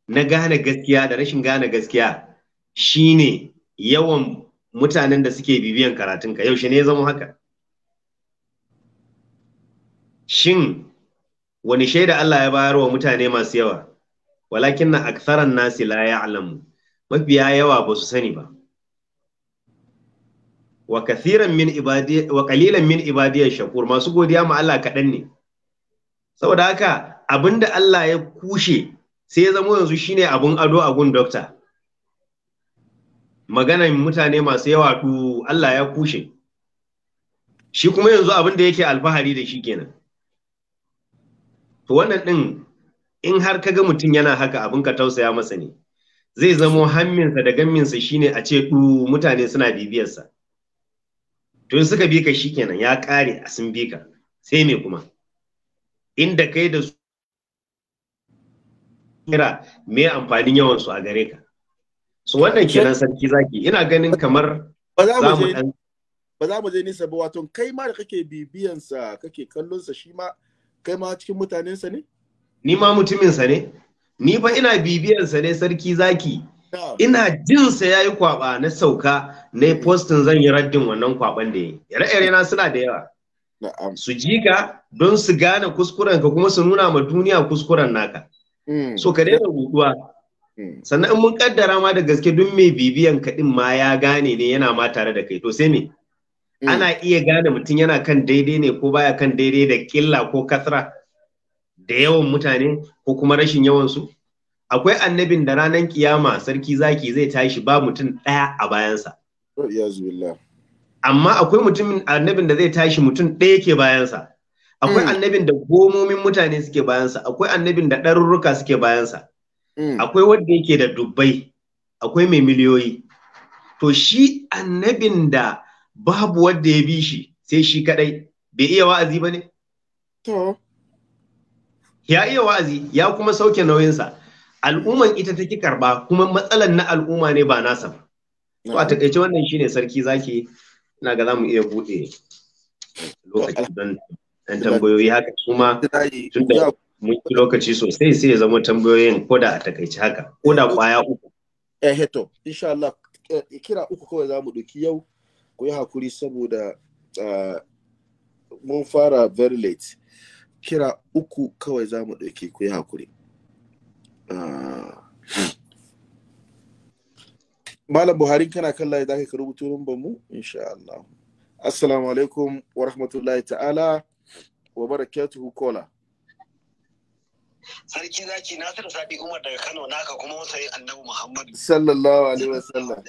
na gane gaskiya da rashin gane gaskiya shine yawan mutanen da suke bibiyan karatun karatunka yaushe ne ya zamo haka shin wani shaida Allah ya bayar wa mutane masu yawa walakin na aktharan nasi la ya'lamu mafiya yawa ba su sani ba wa kalilan min ibadiyar shakur masu godiya ma Allah kaɗan ne saboda haka abinda Allah ya kushe sai ya zama yanzu shine abin ado a gun dokta maganan mutane masu yawa du Allah ya kushe shi kuma yanzu abin da yake alfahari da shi kenan to wannan din in har kaga mutum yana haka abin ka tausaya masa ne zai zamo hamminsa da gamminsa shine a ce du mutane suna bibiyarsa to suka bi ka shikenan ya kare a sun bi ka sai me kuma inda kai da su kira me amfanin yawan su a gare ka so wannan kenan sarki zaki ina ganin kamar ba za mu je ba za mu je nisa ba wato kai ma da kake bibiyansa kake kallonsa shi ma kai ma cikin mutanensa ne? Ni ma mutuminsa ne. Ni fa ina bibiyansa ne sarki zaki. Ina jinsa ya yi kwaba na sauka na postin zan yi raddin wannan kwaban da ya yi. Yare-yare na suna da yawa. Su ji ka don su gane kuskuren ka kuma su nuna ma duniya kuskuren naka. Hmm. So ka daina buduwa. Hmm. Sannan in mun kaddara ma da gaske duk mai bibiyan ka din ma ya gane ne yana ma tare da kai to sai me? Mm. ana iya gane mutum yana kan daidai ne ko baya kan daidai da killa ko kasra da yawan mutane ko kuma rashin yawansu. akwai annabin da ranar kiyama sarki zaki zai tashi ba mutum ɗaya a bayansa amma akwai mutumin annabin da zai tashi mutum ɗaya ke bayansa akwai mm. annabin da gomomin mutane suke bayansa akwai annabin da ɗarurruka suke bayansa mm. akwai wanda yake da dubbai akwai mai miliyoyi to shi annabin da babu wanda ya bi shi sai shi kadai bai iya wa'azi ba ne? Ya iya wa'azi ya kuma sauke nauyinsa. Al'umman ita take karba kuma matsalan na al'umma ne ba nasa ba. To a takaice wannan shine sarki zaki ina ga zamu iya bude lokaci don dan tambayoyi haka kuma tunda mun yi lokaci sosai sai ya zama tambayoyin koda a takaice haka koda kwaya eh, uku. Eh to insha Allah eh, kira uku kawai zamu ɗauki yau ku yi hakuri saboda eh, mun fara very late kira uku kawai za mu ɗauke ku yi hakuri eh, Malam Buhari kana kan layi zaka ka rubuta rumbar mu insha Allah. Assalamu alaikum wa rahmatullahi ta'ala wa barakatuhu kola. sarki zaki nasiru sadi umar daga kano naka kuma wasayin annabi muhammadu sallallahu alaihi wasallam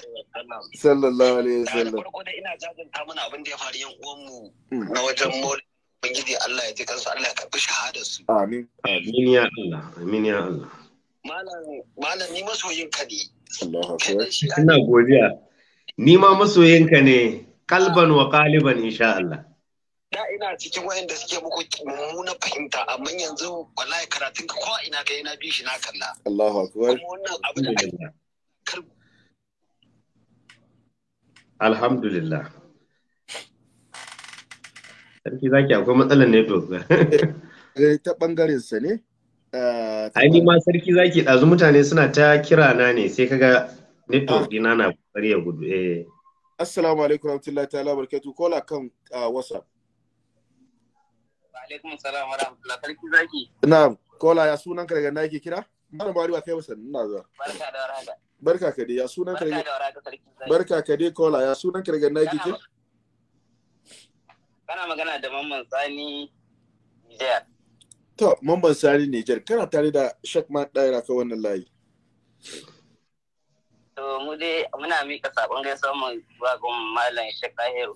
sallallahu alaihi wasallam da farko da ina jajanta mana abin da ya faru yan uwanmu hmm. na wajen mole ubangiji Allah ya ji kansu Allah ya karbi shahada su amin amin ya Allah amin ya Allah malam malam ni masoyin ka ne Allahu akbar ina godiya ni ma masoyin ka ne kalban wa qaliban insha Allah da ina cikin wayanda suke muku mummuna fahimta amma yanzu wallahi karatun ka ko ina kai na bishi na kalla Allahu akbar wannan abu da Alhamdulillah Sarki zaki akwai matsalar network (laughs) eh ta bangaren sa ne eh, ai ni ma sarki zaki dazu mutane suna ta kira na ne sai kaga network ah. dina na kokari ya gudu eh Assalamu alaikum warahmatullahi ta'ala barakatuh kola kan ah, WhatsApp alaikum salam wa rahmatullahi sarki kola ya sunan ka daga nake kira malam bari ba da warhaka barka ka dai ya sunan ka daga barka kola ya sunan ka daga nake kira kana magana da mamman sani Niger to mamman sani Niger kana tare da Shakman Daira ka wannan layi to mu dai muna mika sabon gaisuwa mu malam Shek Tahiru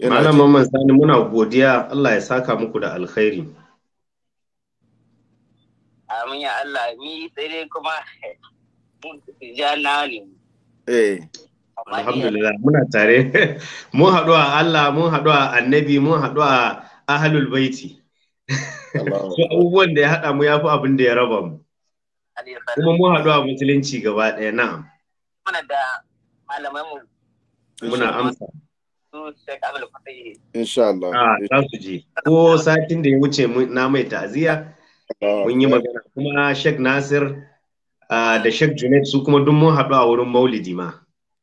Malam Mamman Sani muna godiya Allah ya saka muku da alkhairi. Amin ya Allah ni dai kuma (laughs) jana ne. Eh. Alhamdulillah muna tare. (laughs) Mun haɗu a Allah, mun haɗu a Annabi, mun haɗu a Ahlul Baiti. So (laughs) abubuwan da ya haɗa mu ya fi abin da ya raba mu. Kuma mun haɗu a musulunci gaba ɗaya na'am. Muna da malamai mu. Muna amsa. su shekabul insha Allah ah, za su ji ko satin da ya wuce na mai ta'aziyya ah. mun yi magana kuma Sheikh Nasir ah, da Sheikh Junaid su kuma duk mun haɗu a wurin Maulidi ma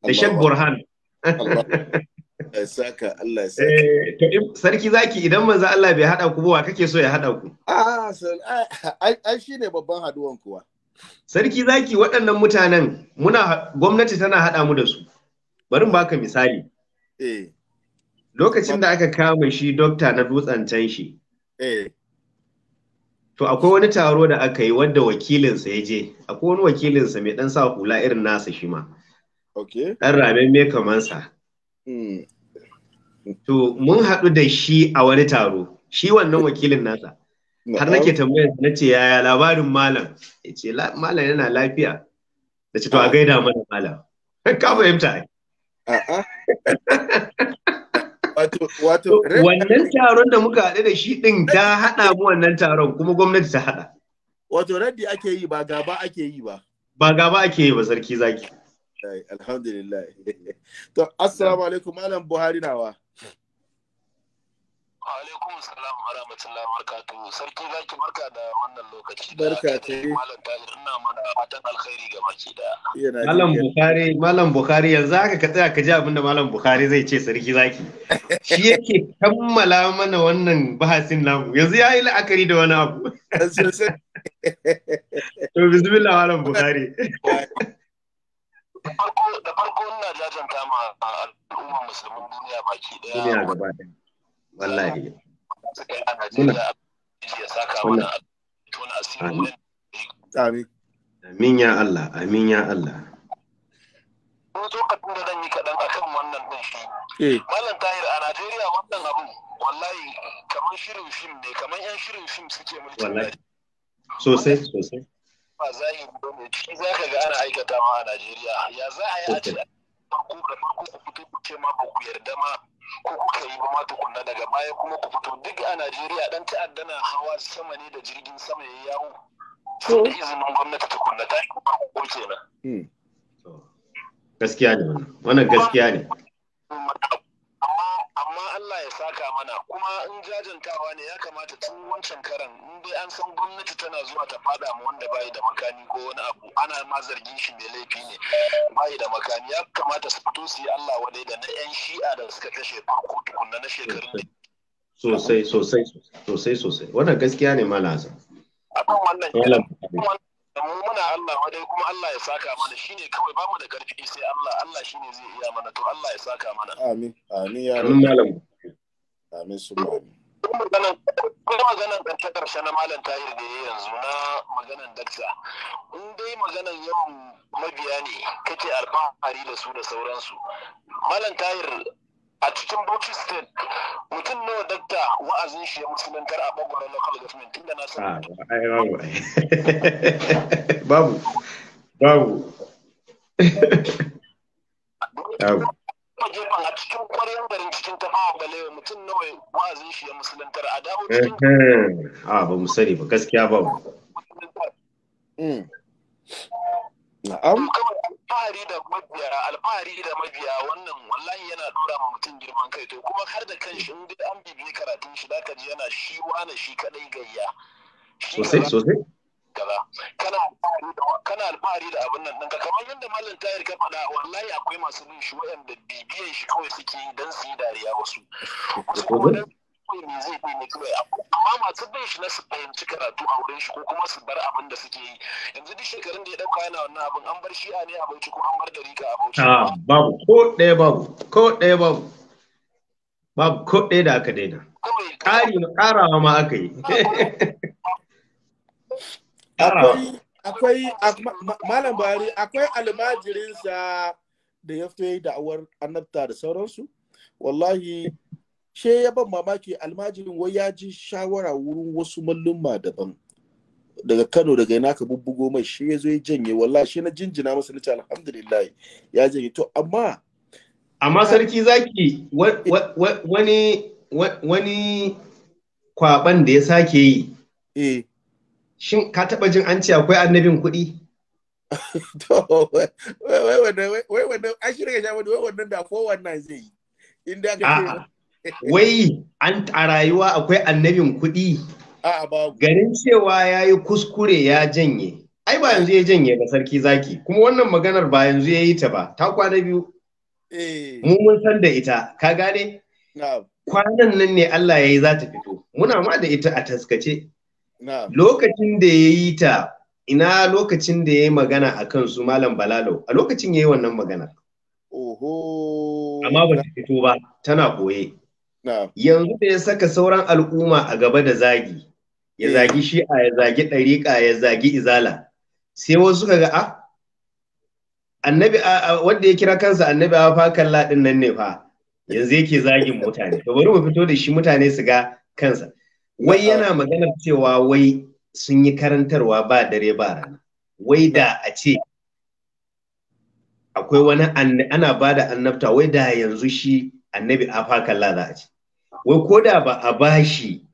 da Sheikh Burhan saka Allah ya saka. Eh, sarki zaki idan manzo Allah bai haɗa ku ba wa kake so ya haɗa ku? Ai shi ne babban haduwan kuwa. Sarki zaki waɗannan mutanen muna gwamnati tana haɗa mu da su. Bari baka misali. Eh. lokacin da aka kama shi dokta na dutsen can shi eh. to akwai wani taro da aka yi wadda wakilinsa ya je akwai wani wakilinsa mai dan sa hula irin nasa shi ma dan ramen me kamansa hmm. to mun haɗu da shi a wani taro shi wannan wakilin nasa har nake tambayar na ce yaya labarin malam ya ce malam yana lafiya da ce to a ah. gaida mana malam (laughs) ka fahimta a'a (laughs) Wato, wato. Wannan taron da muka haɗu da shi ɗin ta haɗa mu wannan taron kuma gwamnati ta haɗa. Wato raddi ake yi ba gaba ake yi ba. Ba gaba ake yi ba sarki zaki. Alhamdulillah. (laughs) To, assalamu alaikum Malam Buhari nawa. alaikum salam wa rahmatullahi wa barakatuhu sarki zaki barka da wannan lokaci barka ta yi malam tahir ina mana fatan alkhairi ga baki da malam bukhari malam bukhari yanzu haka ka tsaya ka ji abinda malam bukhari zai ce sarki zaki (laughs) shi yake kammala mana wannan bahasin namu yanzu ya yi la'akari da wani abu (laughs) to bismillah malam bukhari da farko ina jajanta ma al'ummar musulmin duniya baki daya wallahi amin ya Allah amin ya Allah zo ka tura zan yi kaɗan akan wannan ɗin shi eh. malam tahir a Najeriya wannan abu wallahi kamar shirin fim ne kamar yan shirin fim suke mulki sosai sosai ba za yi ne ciki za ka ga ana aikatawa a Najeriya ya za a yi a ce farko da farko ku fito ku ce ma ba ku yarda ma ko kuka yi ba ma tukunna daga baya kuma ku fito duk a Najeriya dan ta'adda na hawa sama ne da jirgin sama ya yawo. To da eh. izinin gwamnati tukunna ta yi ko kenan. Eh. Gaskiya ne wannan gaskiya ne. amma Allah ya saka mana kuma in jajantawa ne ya kamata tun wancan karan in dai an san gwamnati tana zuwa ta fada mu wanda bayi da makani ko wani abu ana ma zargin shi mai laifi ne bayi da makani ya kamata su fito su yi Allah wadai da na yan shi'a da suka kashe farko tukunna na shekarun da sosai sosai sosai sosai wannan gaskiya ne malam akan wannan mu muna Allah wadai kuma Allah ya saka mana shine kawai ba mu da karfi sai Allah Allah shine zai iya mana to Allah ya saka mana amin amin ya rabu malam amin su kuma maganan ta karshe na malam tayir da ya yanzu na maganan dakta in dai maganan yau mabiya ne kake alfahari da su da sauransu malam tayir a cikin Bauchi State mutum nawa dakta wa'azin shi ya musulantar a bangaren local government tunda na san ah, (laughs) babu babu (laughs) babu gefen a cikin kwaryar garin cikin tafawa balewa mutum nawa wa'azin shi ya musulantar a dawo eh, cikin eh. a ah, ba mu sani ba gaskiya ba mu Na'am. alfahari da mabiya alfahari da mabiya wannan wallahi yana dora ma mutum girman kai to kuma har da kanshi in dai an bibiye karatun shi zaka ji yana shi wani shi kadai gayya. Sosai sosai. kana alfahari da abin nan ɗinka kamar yadda malam tayar ka faɗa wallahi akwai masu bin shi waɗanda bibiyan shi kawai suke yi don su yi dariya wasu kawai me zai bi ne kawai amma masu bin shi na su fahimci karatu a wurin shi ko kuma su bar abin da suke yi yanzu duk shekarun da ya dauka yana wannan abin an bar shi'a ne a bauchi ko an bar dariƙa a bauchi ah, babu ko ɗaya babu ko ɗaya babu babu ko ɗaya da aka daina ƙari ƙarawa ma aka yi (laughs) akwai malam bari akwai almajirinsa da ya fi da'awar annabta da sauransu wallahi she ya ban mamaki almajirin wai ya ji shawara wurin wasu mallumma daban daga kano daga ina ka bubbugo mai shi ya zo ya janye wallah shi na jinjina masa nace alhamdulillah ya janye to amma amma sarki zaki wani wani kwaban da ya sake yi eh shin ka taba jin an ce akwai annabin kuɗi wai wannan wai wannan an shirya shawo wai wannan da ko wannan zai yi inda Wai an a rayuwa akwai annabin kuɗi. Garin cewa ya yi kuskure ya janye. Ai ba yanzu ya janye ga sarki zaki. Kuma wannan maganar ba yanzu ya yi ta ba. Ta kwana biyu. Eh. Mu mun san da ita. Ka gane? Kwanan nan ne Allah ya yi za ta fito. Muna ma da ita a taskace. Lokacin da ya yi ta ina lokacin da ya yi magana a kan su Malam Balalo a lokacin ya yi wannan maganar. Oho. Amma ba ta fito ba tana koye. yanzu da ya saka sauran al'umma a gaba da zagi ya eh. zagi shi'a ya zagi ɗariƙa ya zagi izala sai wasu ka ga ah, a annabi wanda ya kira kansa annabi a fakan laɗin nan ne fa yanzu yake zagin mutane to bari mu fito da shi mutane su ga kansa wai yana maganar cewa wai sun yi karantarwa ba dare ba rana wai da a ce akwai wani ana ba da annabta wai da yanzu shi annabi a la za a ce wai ko da ba a bashi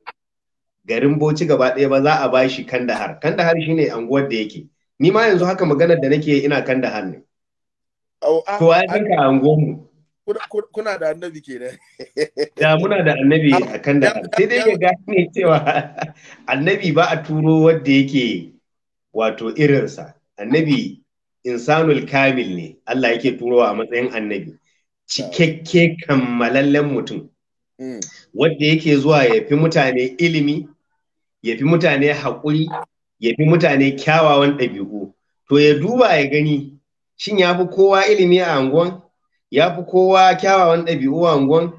garin Boci gaba ɗaya ba za a bashi Kandahar Kandahar shine anguwar da yake ni ma yanzu haka maganar da nake ina Kandahar ne to a dinka anguwar mu kuna da annabi kenan (laughs) da muna da annabi a Kandahar sai dai ga gane cewa (laughs) annabi ba a turo wadda yake wato irinsa annabi insanul kamil ne Allah yake turowa a matsayin annabi cikakke kammalallen mutum Mm. wadda yake zuwa ya fi mutane ilimi ya fi mutane haƙuri ya fi mutane kyawawan ɗabi'u to ya duba ya gani shin ya fi kowa ilimi a angon ya fi kowa kyawawan ɗabi'u a angon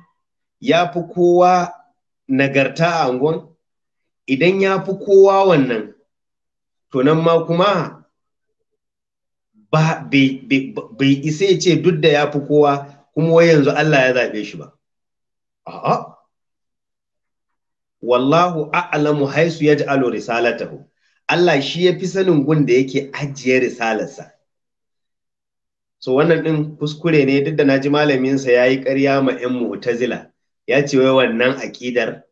ya fi kowa nagarta a angon idan ya fi kowa wannan to nan ma kuma bai isa ce duk da ya fi kowa kuma wai yanzu Allah ya zaɓe shi ba a'a wallahu a'lamu haisu yaj'alu risalatahu Allah shi ya fi sanin gun da yake ajiye risalarsa so wannan din kuskure ne duk da naji malamin sa yayi ƙarya ma 'yan mu'tazila ya ce wai wannan aƙidar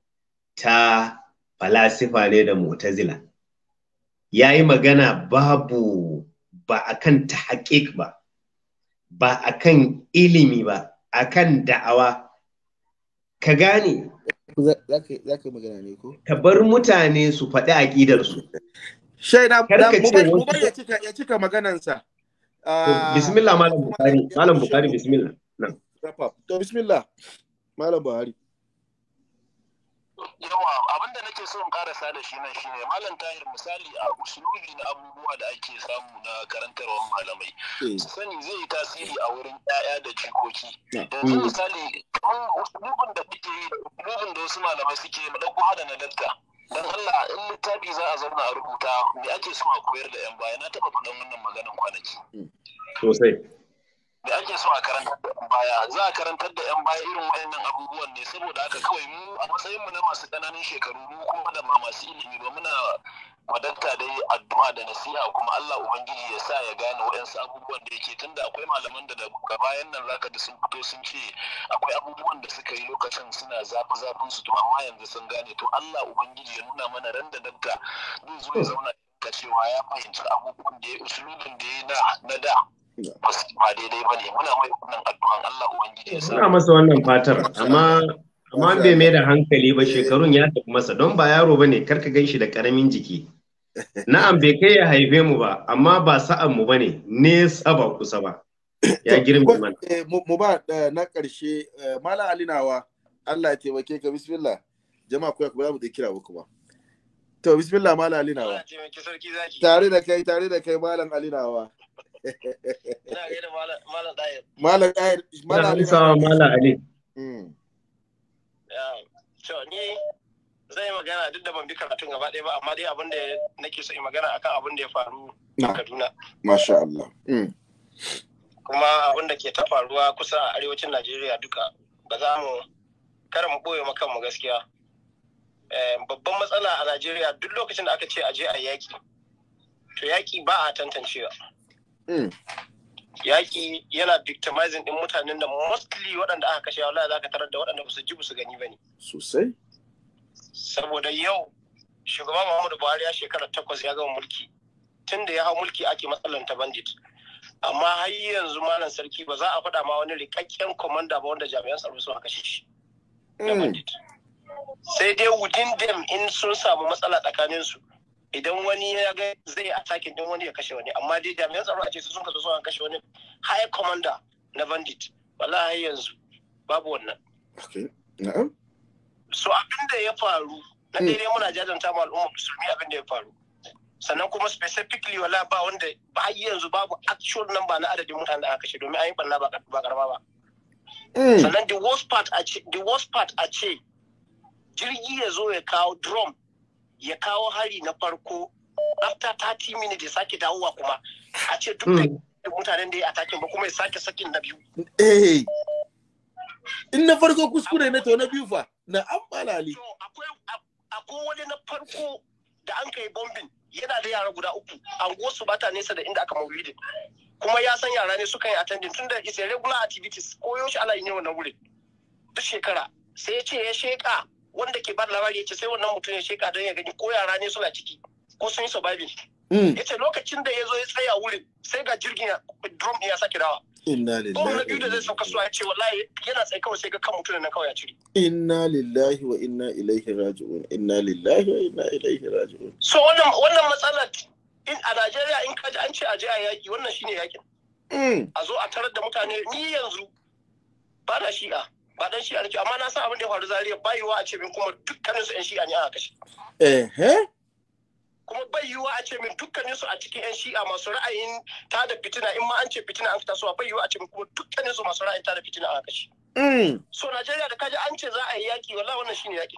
ta falasifa ne da mu'tazila yayi magana babu ba akan tahqiq ba ba akan ilimi ba akan da'awa ka gane za ka magana ne ko ka bar mutane su faɗi aƙidarsu ƙidarsu. na ya cika maganansa ah, bismillah malam bukari malam bukari bismillah to bismillah malam buhari yawa abinda nake so in karasa da shi nan shine malam tahir misali a usulubi na abubuwa da ake samu na karantarwar malamai su eh. sani zai yi tasiri a wurin ɗaya da jikoki yanzu hmm. misali kamar usulubin da kuke yi usulubin da wasu malamai suke mu ɗauko hada na dakta dan Allah in littafi za a zauna a rubuta me ake so a koyar da yan baya na taɓa faɗan wannan maganan kwanaki hmm. sosai da ake so a karantar da yan baya za a karantar da yan baya irin wayannan abubuwan ne saboda haka kawai mu a matsayinmu na masu ƙananan shekaru mu kuma da ma masu ilimi ba muna da yi addu'a da nasiha kuma Allah ubangiji ya sa ya gane waɗansu abubuwan da yake tunda akwai malaman da daga bayan nan zaka da sun fito sun ce akwai abubuwan da suka yi lokacin suna zafi zafin su to amma yanzu sun gane to Allah ubangiji ya nuna mana ran da dakta zai zo ya zauna ka cewa ya fahimci abubuwan da ya usulubin da ya na da ba daidai ba ne muna mai wannan addu'an Allah ubangiji ya muna masa wannan fatar amma amma bai mai da hankali ba shekarun ya tafi masa don ba yaro ba ne karka gan shi da karamin jiki na'am bai kai ya haife mu ba amma ba sa'an mu ba ne nesa ba kusa ba ya girma mana eh, mu ba eh, na karshe eh, malam alinawa Allah ya taimake ka bismillah jama'a kuwa kuma za mu da kira kuma to bismillah malam alinawa tare da kai tare da kai malam alinawa Ina gaida Malam Dahir. Malam Dahir. Malam Ali. Malam Ali. Hmm. To ni zai magana duk da ban bi karatun gaba ɗaya ba amma dai abin da nake so in magana akan abin da ya faru a Kaduna. Masha Allah. Hmm. Kuma abin da ke ta faruwa kusa a arewacin Najeriya duka ba za mu kar mu ɓoye makan mu gaskiya. Eh, babban matsala a Najeriya duk lokacin da aka ce a je a yaƙi. To yaƙi ba a tantancewa. Mm. Yaƙi yana victimizing ɗin mutanen da mostly waɗanda aka kashe wallahi za ka tarar da waɗanda ba su ji su gani ba ne. Sosai. Saboda yau shugaban Muhammadu Buhari ya shekara takwas ya gama mulki. Tun da ya hau mulki ake ta bandit. amma har yanzu malam sarki ba za a faɗa ma wani rikakken komanda ba wanda jami'an tsaro sun kashe shi mm. sai dai within them in sun samu matsala tsakanin su idan wani ya ga zai a sakin din wani ya kashe wani amma dai jami'an tsaro a ce sun kasu an kashe wani high commander na bandit wallahi yanzu babu wannan na'am so abin da ya faru na hmm. daidai muna jajanta ma al'umma musulmi abin da ya faru sannan kuma specifically wala ba wanda ba yanzu babu actual number na adadin mutanen da aka kashe domin an yi barna ba karama ba hmm. sannan the worst part a ce jirgi ya zo ya kawo drum ya kawo hari na farko after 30 minutes ya sake dawowa kuma a ce duk hmm. da mutanen da ya atakin ba kuma ya sake sakin na biyu eh in na farko kuskure na to na biyu fa na an malali akwai wani na farko da an kai bombin yana da yara guda uku an su bata nesa da inda aka maulidin kuma ya san yara ne suka yi attending tunda is a regular activities ko yaushe ana yin yawan na wurin duk shekara sai ya ce ya sheka wanda ke ba labari ya ce sai wannan mutum ya sheka don ya gani ko yara ne suna ciki ko sun yi surviving hmm. ya ce lokacin da ya zo ya tsaya wurin sai ga jirgin drum ya sake dawa lillahi. na biyu da zai sauka su a ce wallahi yana tsaye kawai sai ga kan mutum na kawai ya cire. Inna lillahi wa inna ilaihi raji'un. Inna lillahi wa inna ilaihi raji'un. So wannan wannan matsalar in a Najeriya in ka ji an ce a je a yaƙi wannan shine yaƙin. Hmm. A zo a tarar da mutane ni yanzu ba na shi'a. ba dan shi'a nake amma na san abin da ya faru zariya bayuwa a ce min kuma dukkanin su yan shi'a ne aka kashe eh kuma bai a ce min dukkanin su a cikin yan shi'a masu ra'ayin ta da fitina in ma an ce fitina an fita suwa bayuwa a ce min kuma dukkanin su masu ra'ayin ta da fitina aka kashe mm. so Najeriya da kaji an ce za a yi yaki wallahi wannan shine yaki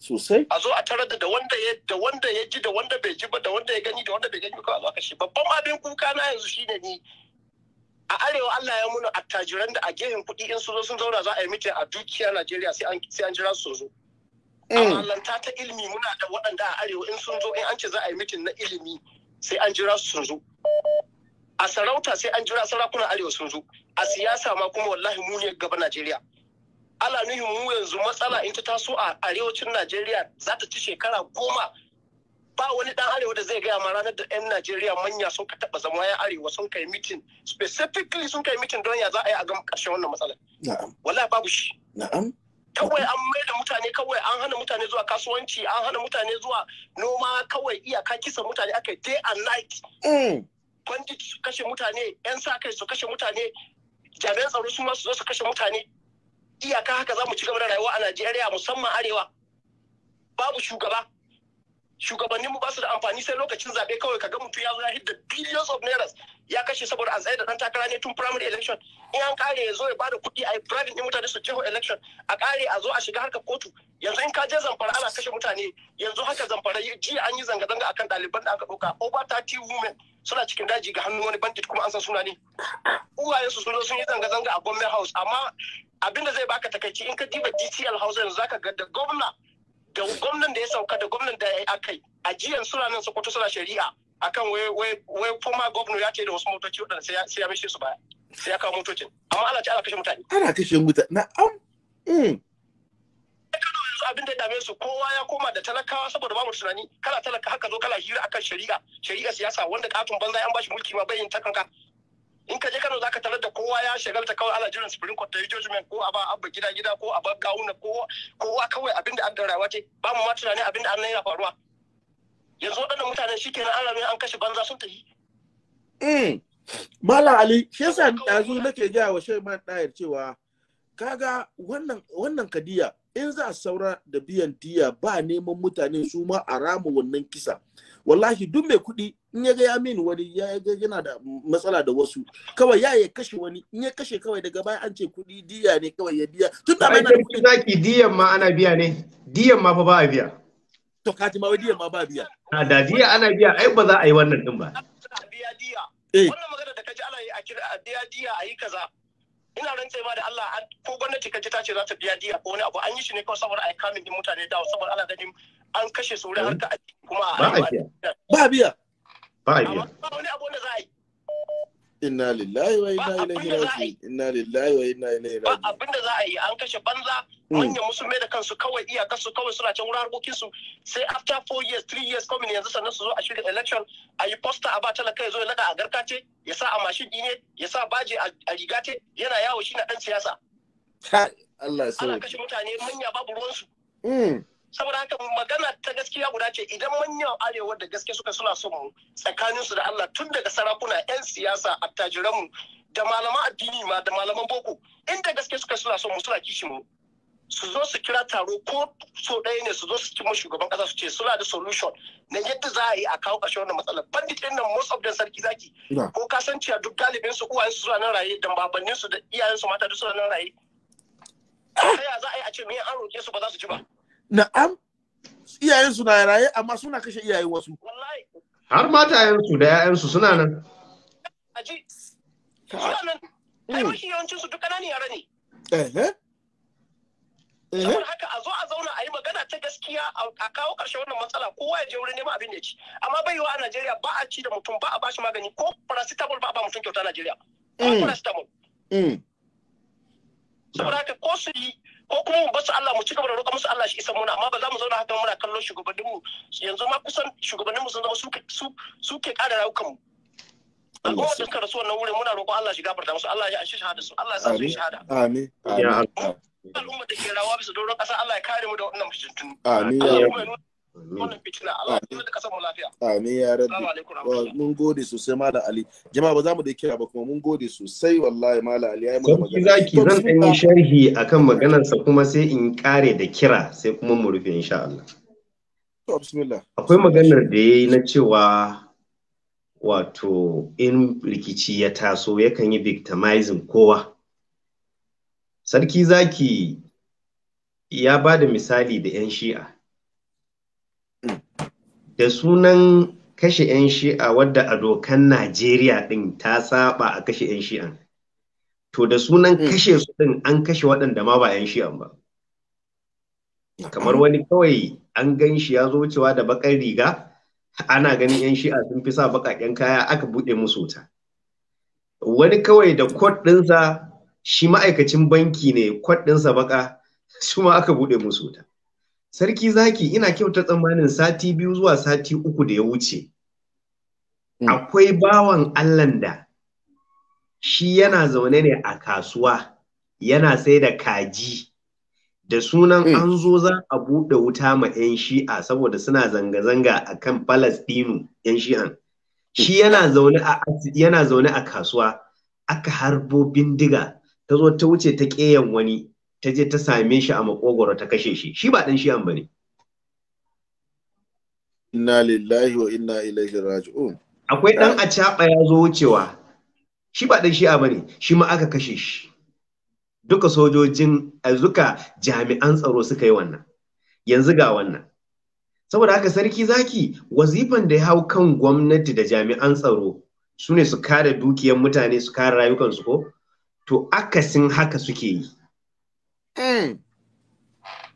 sosai a zo a tarar da wanda ya da wanda ya ji da wanda bai ji ba da wanda ya gani da wanda bai gani ba a zo babban abin kuka na yanzu shine ni a arewa Allah ya muna attajiran da a gehen kuɗi in su zo sun zauna za a yi mitin a dukiya Najeriya sai an jira su zo eh. amma lanta ta ilimi muna da waɗanda a arewa in sun zo in an ce za a yi mitin na ilimi sai an jira su zo a sarauta sai an jira sarakunan arewa sun zo a siyasa ma kuma wallahi mu ne gaba Najeriya ala nuhin mu yanzu matsala in ta taso a arewacin Najeriya za ta ci shekara goma ba wani dan arewa da zai gaya ma ranar da 'yan najeriya manya sun ka taba zama ya arewa sun kai mitin specifically sun kai mitin don ya za a yi a gama karshen wannan matsalar wallahi babu shi kawai an mai da mutane kawai an hana mutane zuwa kasuwanci an hana mutane zuwa noma kawai iyaka kisa mutane aka day and night mm. bandit su kashe mutane yan sa kai su kashe mutane jami'an tsaro su ma su zo su kashe mutane iyaka haka za mu ci gaba da rayuwa a najeriya musamman arewa babu shugaba shugabannin mu ba su da amfani sai lokacin zabe kawai kaga mutum ya zo ya hidda billions of naira ya kashe saboda a tsaye da dan takara ne tun primary election in an kare ya zo ya bada kuɗi a private din mutane su jeho election a kare a zo a shiga harkar kotu yanzu in ka je zamfara ana kashe mutane yanzu haka zamfara jiya an yi zanga-zanga akan ɗaliban da aka ɗauka over 30 women suna cikin daji ga hannu wani bandit kuma an san suna ne uwaye su sun sun yi zanga-zanga a government house amma abinda zai baka takaici in ka diba DTL house yanzu zaka ga da governor da gwamnan da ya sauka da gwamnan da ya akai a jiyan suna nan sokoto suna shari'a akan wai former governor ya ce da wasu motoci waɗanda sai ya mishe su baya sai ya kawo motocin amma ana ce ana kashe mutane ana kashe mutane na'am mm. abin da ya dame su kowa ya koma da talakawa saboda babu tunani kala talaka haka zo kala hira akan shari'a shari'a siyasa wanda katon banza an bashi mulki ma bai yin takanka in ka je Kano zaka tarar da kowa ya shagalta kawai ana jiran Supreme Court yi judgment ko a ba abba gida gida ko a ba kawuna ko kowa kawai abinda an da rayuwa ce ba mu ma tunani abinda an yana faruwa yanzu waɗannan mutanen shikenan an rame an kashe banza sun tafi Eh, Mala Ali shi yasa yanzu nake gaya wa Shaiman Dayar cewa kaga wannan wannan kadiya in za a saura da biyan tiya ba neman mutane su ma a rama wannan kisa wallahi duk mai kuɗi in ya ga ya min wani ya ga yana da matsala da wasu kawai ya ya kashe wani in ya kashe kawai daga baya an ce kuɗi diya ne kawai ya biya tun da bai da kuɗi zaki diyan ma ana biya ne diyan ma fa ba a biya to kati ma diyan ma ba a biya ah, da diya ana biya ai ba za a yi wannan din ba biya eh. diya wannan magana da kaji ana yi a kira diya diya a yi kaza ina rantse ma da Allah ko gwamnati kaji ta ce za ta biya diya ko wani abu an yi shi ne kawai saboda ai kamin din mutane da saboda ana ganin an kashe su wurin eh. harka kuma ba a biya ba a biya ba iya yi inna lillahi wa inna ilaihi raji'un inna lillahi wa inna ilaihi raji'un ba abinda za a yi an kashe banza manyan hmm. musulmai da kansu kawai iyakar su kawai suna can wurin harkokin su sai after four years three years coming yanzu sannan su zo a shirya election a yi poster a ba talaka ya zo ya naga a garka ce ya sa a mashin ne ya sa baje a riga ce yana yawo shi na dan siyasa Allah ya sauke ana kashe mutane manya babu ruwan su hmm. saboda haka magana ta gaskiya guda ce idan manyan arewa da gaske suka suna son mu tsakaninsu da Allah tun daga sarakuna 'yan siyasa mu da malaman addini ma da malaman boko inda gaske suka suna son mu suna kishi mu su zo su kira taro ko so ɗaya ne su zo su cimma shugaban ƙasa su ce suna da solution na yadda za a yi a kawo ƙarshen wannan matsalar bandit ɗin nan most of them sarki zaki ko ka san cewa duk galibin su uwayen su suna nan raye da babannin su da iyayen su mata duk suna nan raye ta ya za a yi a ce yi an roke su ba za su ji ba na'am iyayen su na raye amma suna kashe iyaye wasu har matayen su da suna nan aji zo a zauna a yi magana ta gaskiya a kawo wannan matsala kowa ya je wurin neman abin da ci amma bai yiwa Najeriya ba ci da mutum ba magani ko paracetamol ba ko yi ko kuma mu basu Allah mu ci gaba da roƙa musu Allah shi isa muna amma ba za mu zauna haka muna kallon shugabannin mu yanzu ma kusan shugabannin mu sun zama su su suke ƙara rayukan mu al'umma da suka rasu wannan wurin muna roƙo Allah shi gafarta musu Allah ya ashe shahada su Allah ya sa su shahada amin amin ya al'umma da ke rawa bisa doron ƙasa Allah ya kare mu da wannan fitintunu amin ya za mu kira ba zan sharhi a maganar maganarsa kuma sai in kare da kira sai kuma mu rufe insha akwai maganar da yayi na cewa wato in rikici ya taso yakan yi victimizing kowa sarki zaki ya bada misali da 'yan shi'a da sunan kashe 'yan shi'a wadda a dokan Najeriya ɗin ta saba a kashe 'yan shi'an. To da sunan mm. kashe su ɗin an kashe waɗanda ma ba 'yan shi'an ba. Kamar wani kawai an gan shi ya zo cewa da baƙar riga, ana ganin 'yan shi'a sun fi sa baƙaƙen kaya aka buɗe musu wuta. Wani kawai da kwat ɗinsa shi ma'aikacin banki ne kwat ɗinsa baƙa, su ma aka buɗe musu wuta. Sarki zaki ina kyau ta tsammanin sati biyu zuwa sati uku da ya wuce. Hmm. Akwai bawan allah da shi yana zaune ne a kasuwa yana sai da kaji da sunan hmm. an zo za a buɗe wuta ma 'yan shi'a saboda suna zanga-zanga a kan Falasɗinu 'yan shi'an. Shi hmm. yana zaune a kasuwa aka harbo bindiga ta zo ta wuce ta ƙeyan wani ta je ta same shi a makogoro ta kashe shi shi ba dan ba ne?" inna lillahi wa inna ilaihi raji'un akwai dan eh. acaba ya zo wucewa shi ba dan shi'a bane shi ma aka kashe shi duka sojojin azuka jami'an tsaro suka yi wannan yanzu ga wannan saboda haka sarki zaki wazifan da ya hau kan gwamnati da jami'an tsaro su ne su kare dukiyar mutane su kare rayukansu ko to akasin haka suke yi Eh.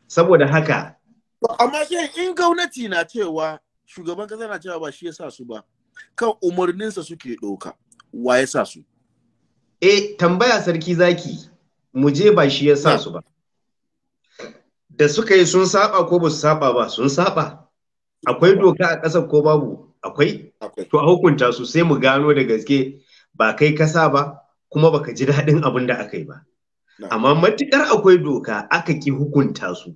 saboda haka amma shi in gwamnati na cewa shugaban kasa na cewa ba shi ya sa su ba kan umarninsa suke ɗauka wa ya sa su eh tambaya sarki zaki mu je ba shi ya sa su ba da suka yi sun saba ko ba su saba ba sun saba akwai doka a ƙasar ko babu akwai to a hukunta su sai mu gano da gaske ba kai kasa ba kuma baka ji daɗin abinda da aka ba amma matukar akwai doka aka ki hukunta su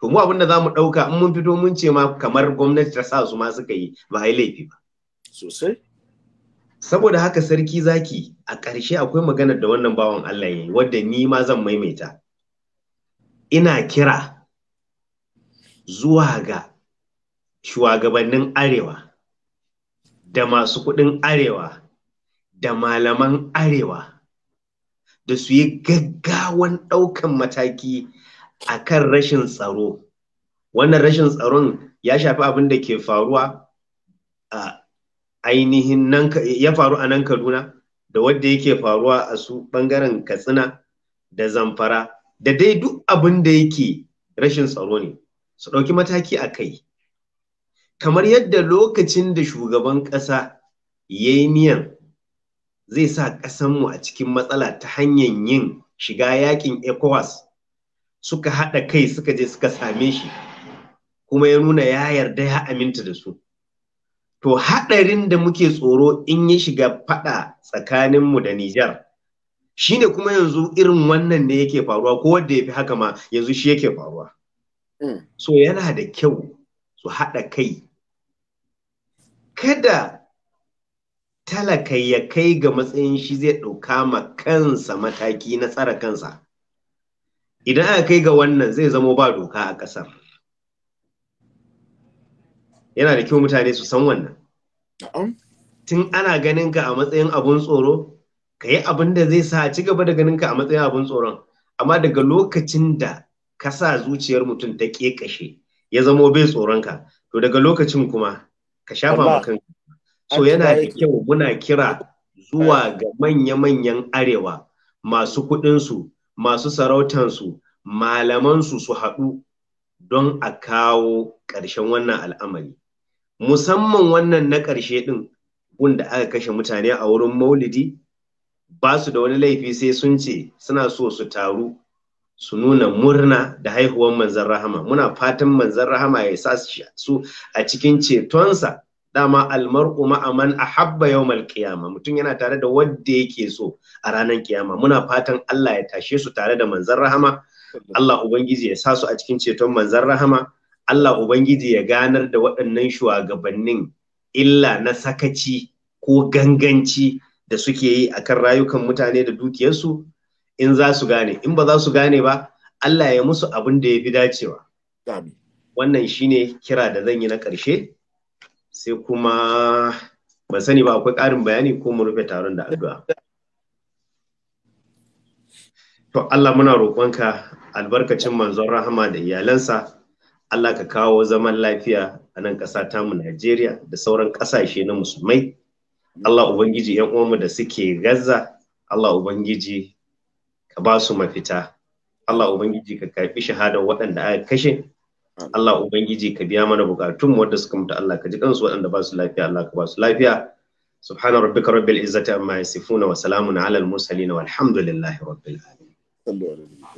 to mu abin da za mu ɗauka in mun fito mun ce ma kamar gwamnati ta sa su ma suka yi ba ai laifi ba sosai saboda haka sarki zaki a ƙarshe akwai magana da wannan bawan Allah yayi yi wadda ni ma zan maimaita ina kira zuwa ga shugabannin arewa da masu kuɗin arewa da malaman arewa da su yi gaggawan ɗaukan mataki a kan rashin tsaro wannan rashin tsaron ya shafi abin da ke faruwa a ainihin ya faru a nan kaduna da wadda yake faruwa a su ɓangaren katsina da zamfara da dai duk abin da yake rashin tsaro ne su ɗauki mataki a kai kamar yadda lokacin da shugaban ƙasa ya yi niyan zai sa ƙasanmu a cikin matsala ta hanyar yin shiga yakin ECOWAS suka haɗa kai suka je suka same shi kuma ya nuna ya yarda ya aminta da su. To haɗarin da muke tsoro in ya shiga faɗa tsakaninmu da Nijar shine kuma yanzu irin wannan ne yake faruwa ko wanda ya fi haka ma yanzu shi yake faruwa. Hmm. So yana da kyau su haɗa kai. Kada talaka ya kai ga matsayin shi zai ɗauka ma kansa mataki na tsara kansa idan aka kai ga wannan zai zamo ba doka a ƙasar yana da kyau mutane su san wannan tun ana ganin ka a matsayin abun tsoro ka yi abin da zai sa ci gaba da ganin ka a matsayin abun tsoron amma daga lokacin da ka sa zuciyar mutum ta ƙeƙashe ya zamo bai tsoronka, to daga lokacin kuma ka shafa ma kanka so yana da kyau muna kira zuwa ga manya-manyan arewa masu kudinsu, masu sarautansu malamansu su haɗu don a kawo ƙarshen wannan al'amari musamman wannan na ƙarshe ɗin wanda aka kashe mutane a wurin maulidi ba su da wani laifi sai sun ce suna so su taru su nuna murna da haihuwar manzan rahama muna fatan manzan rahama ya sa su a cikin cetonsa dama almar'u ma'a man ahabba yawmal qiyama mutum yana tare da wanda yake so a ranar kiyama muna fatan Allah ya tashe su tare da manzon rahama Allah ubangiji ya sa su a cikin ceton manzon rahama Allah ubangiji ya ganar da waɗannan shugabannin illa na sakaci ko ganganci da suke yi akan rayukan mutane da dukiyarsu in za su gane in ba za su gane ba Allah ya musu abin da ya fi dacewa wannan shine kira da zan yi na ƙarshe sai kuma ban sani ba akwai ƙarin bayani ko mu rufe taron da addu'a to Allah muna roƙonka albarkacin manzon rahama da iyalansa Allah ka kawo zaman lafiya a nan ƙasa tamu Najeriya da sauran ƙasashe na musulmai Allah ubangiji yan uwanmu da suke gazza. Allah ubangiji ka ba su mafita Allah ubangiji ka karɓi shahada waɗanda aka kashe Allah Ubangiji ka biya mana bukatun wadda suka mutu Allah ka ji kansu waɗanda ba su lafiya Allah ka ba su lafiya subhana rabbika rabbil izzati amma yasifuna wa salamun ala al mursalin walhamdulillahi rabbil alamin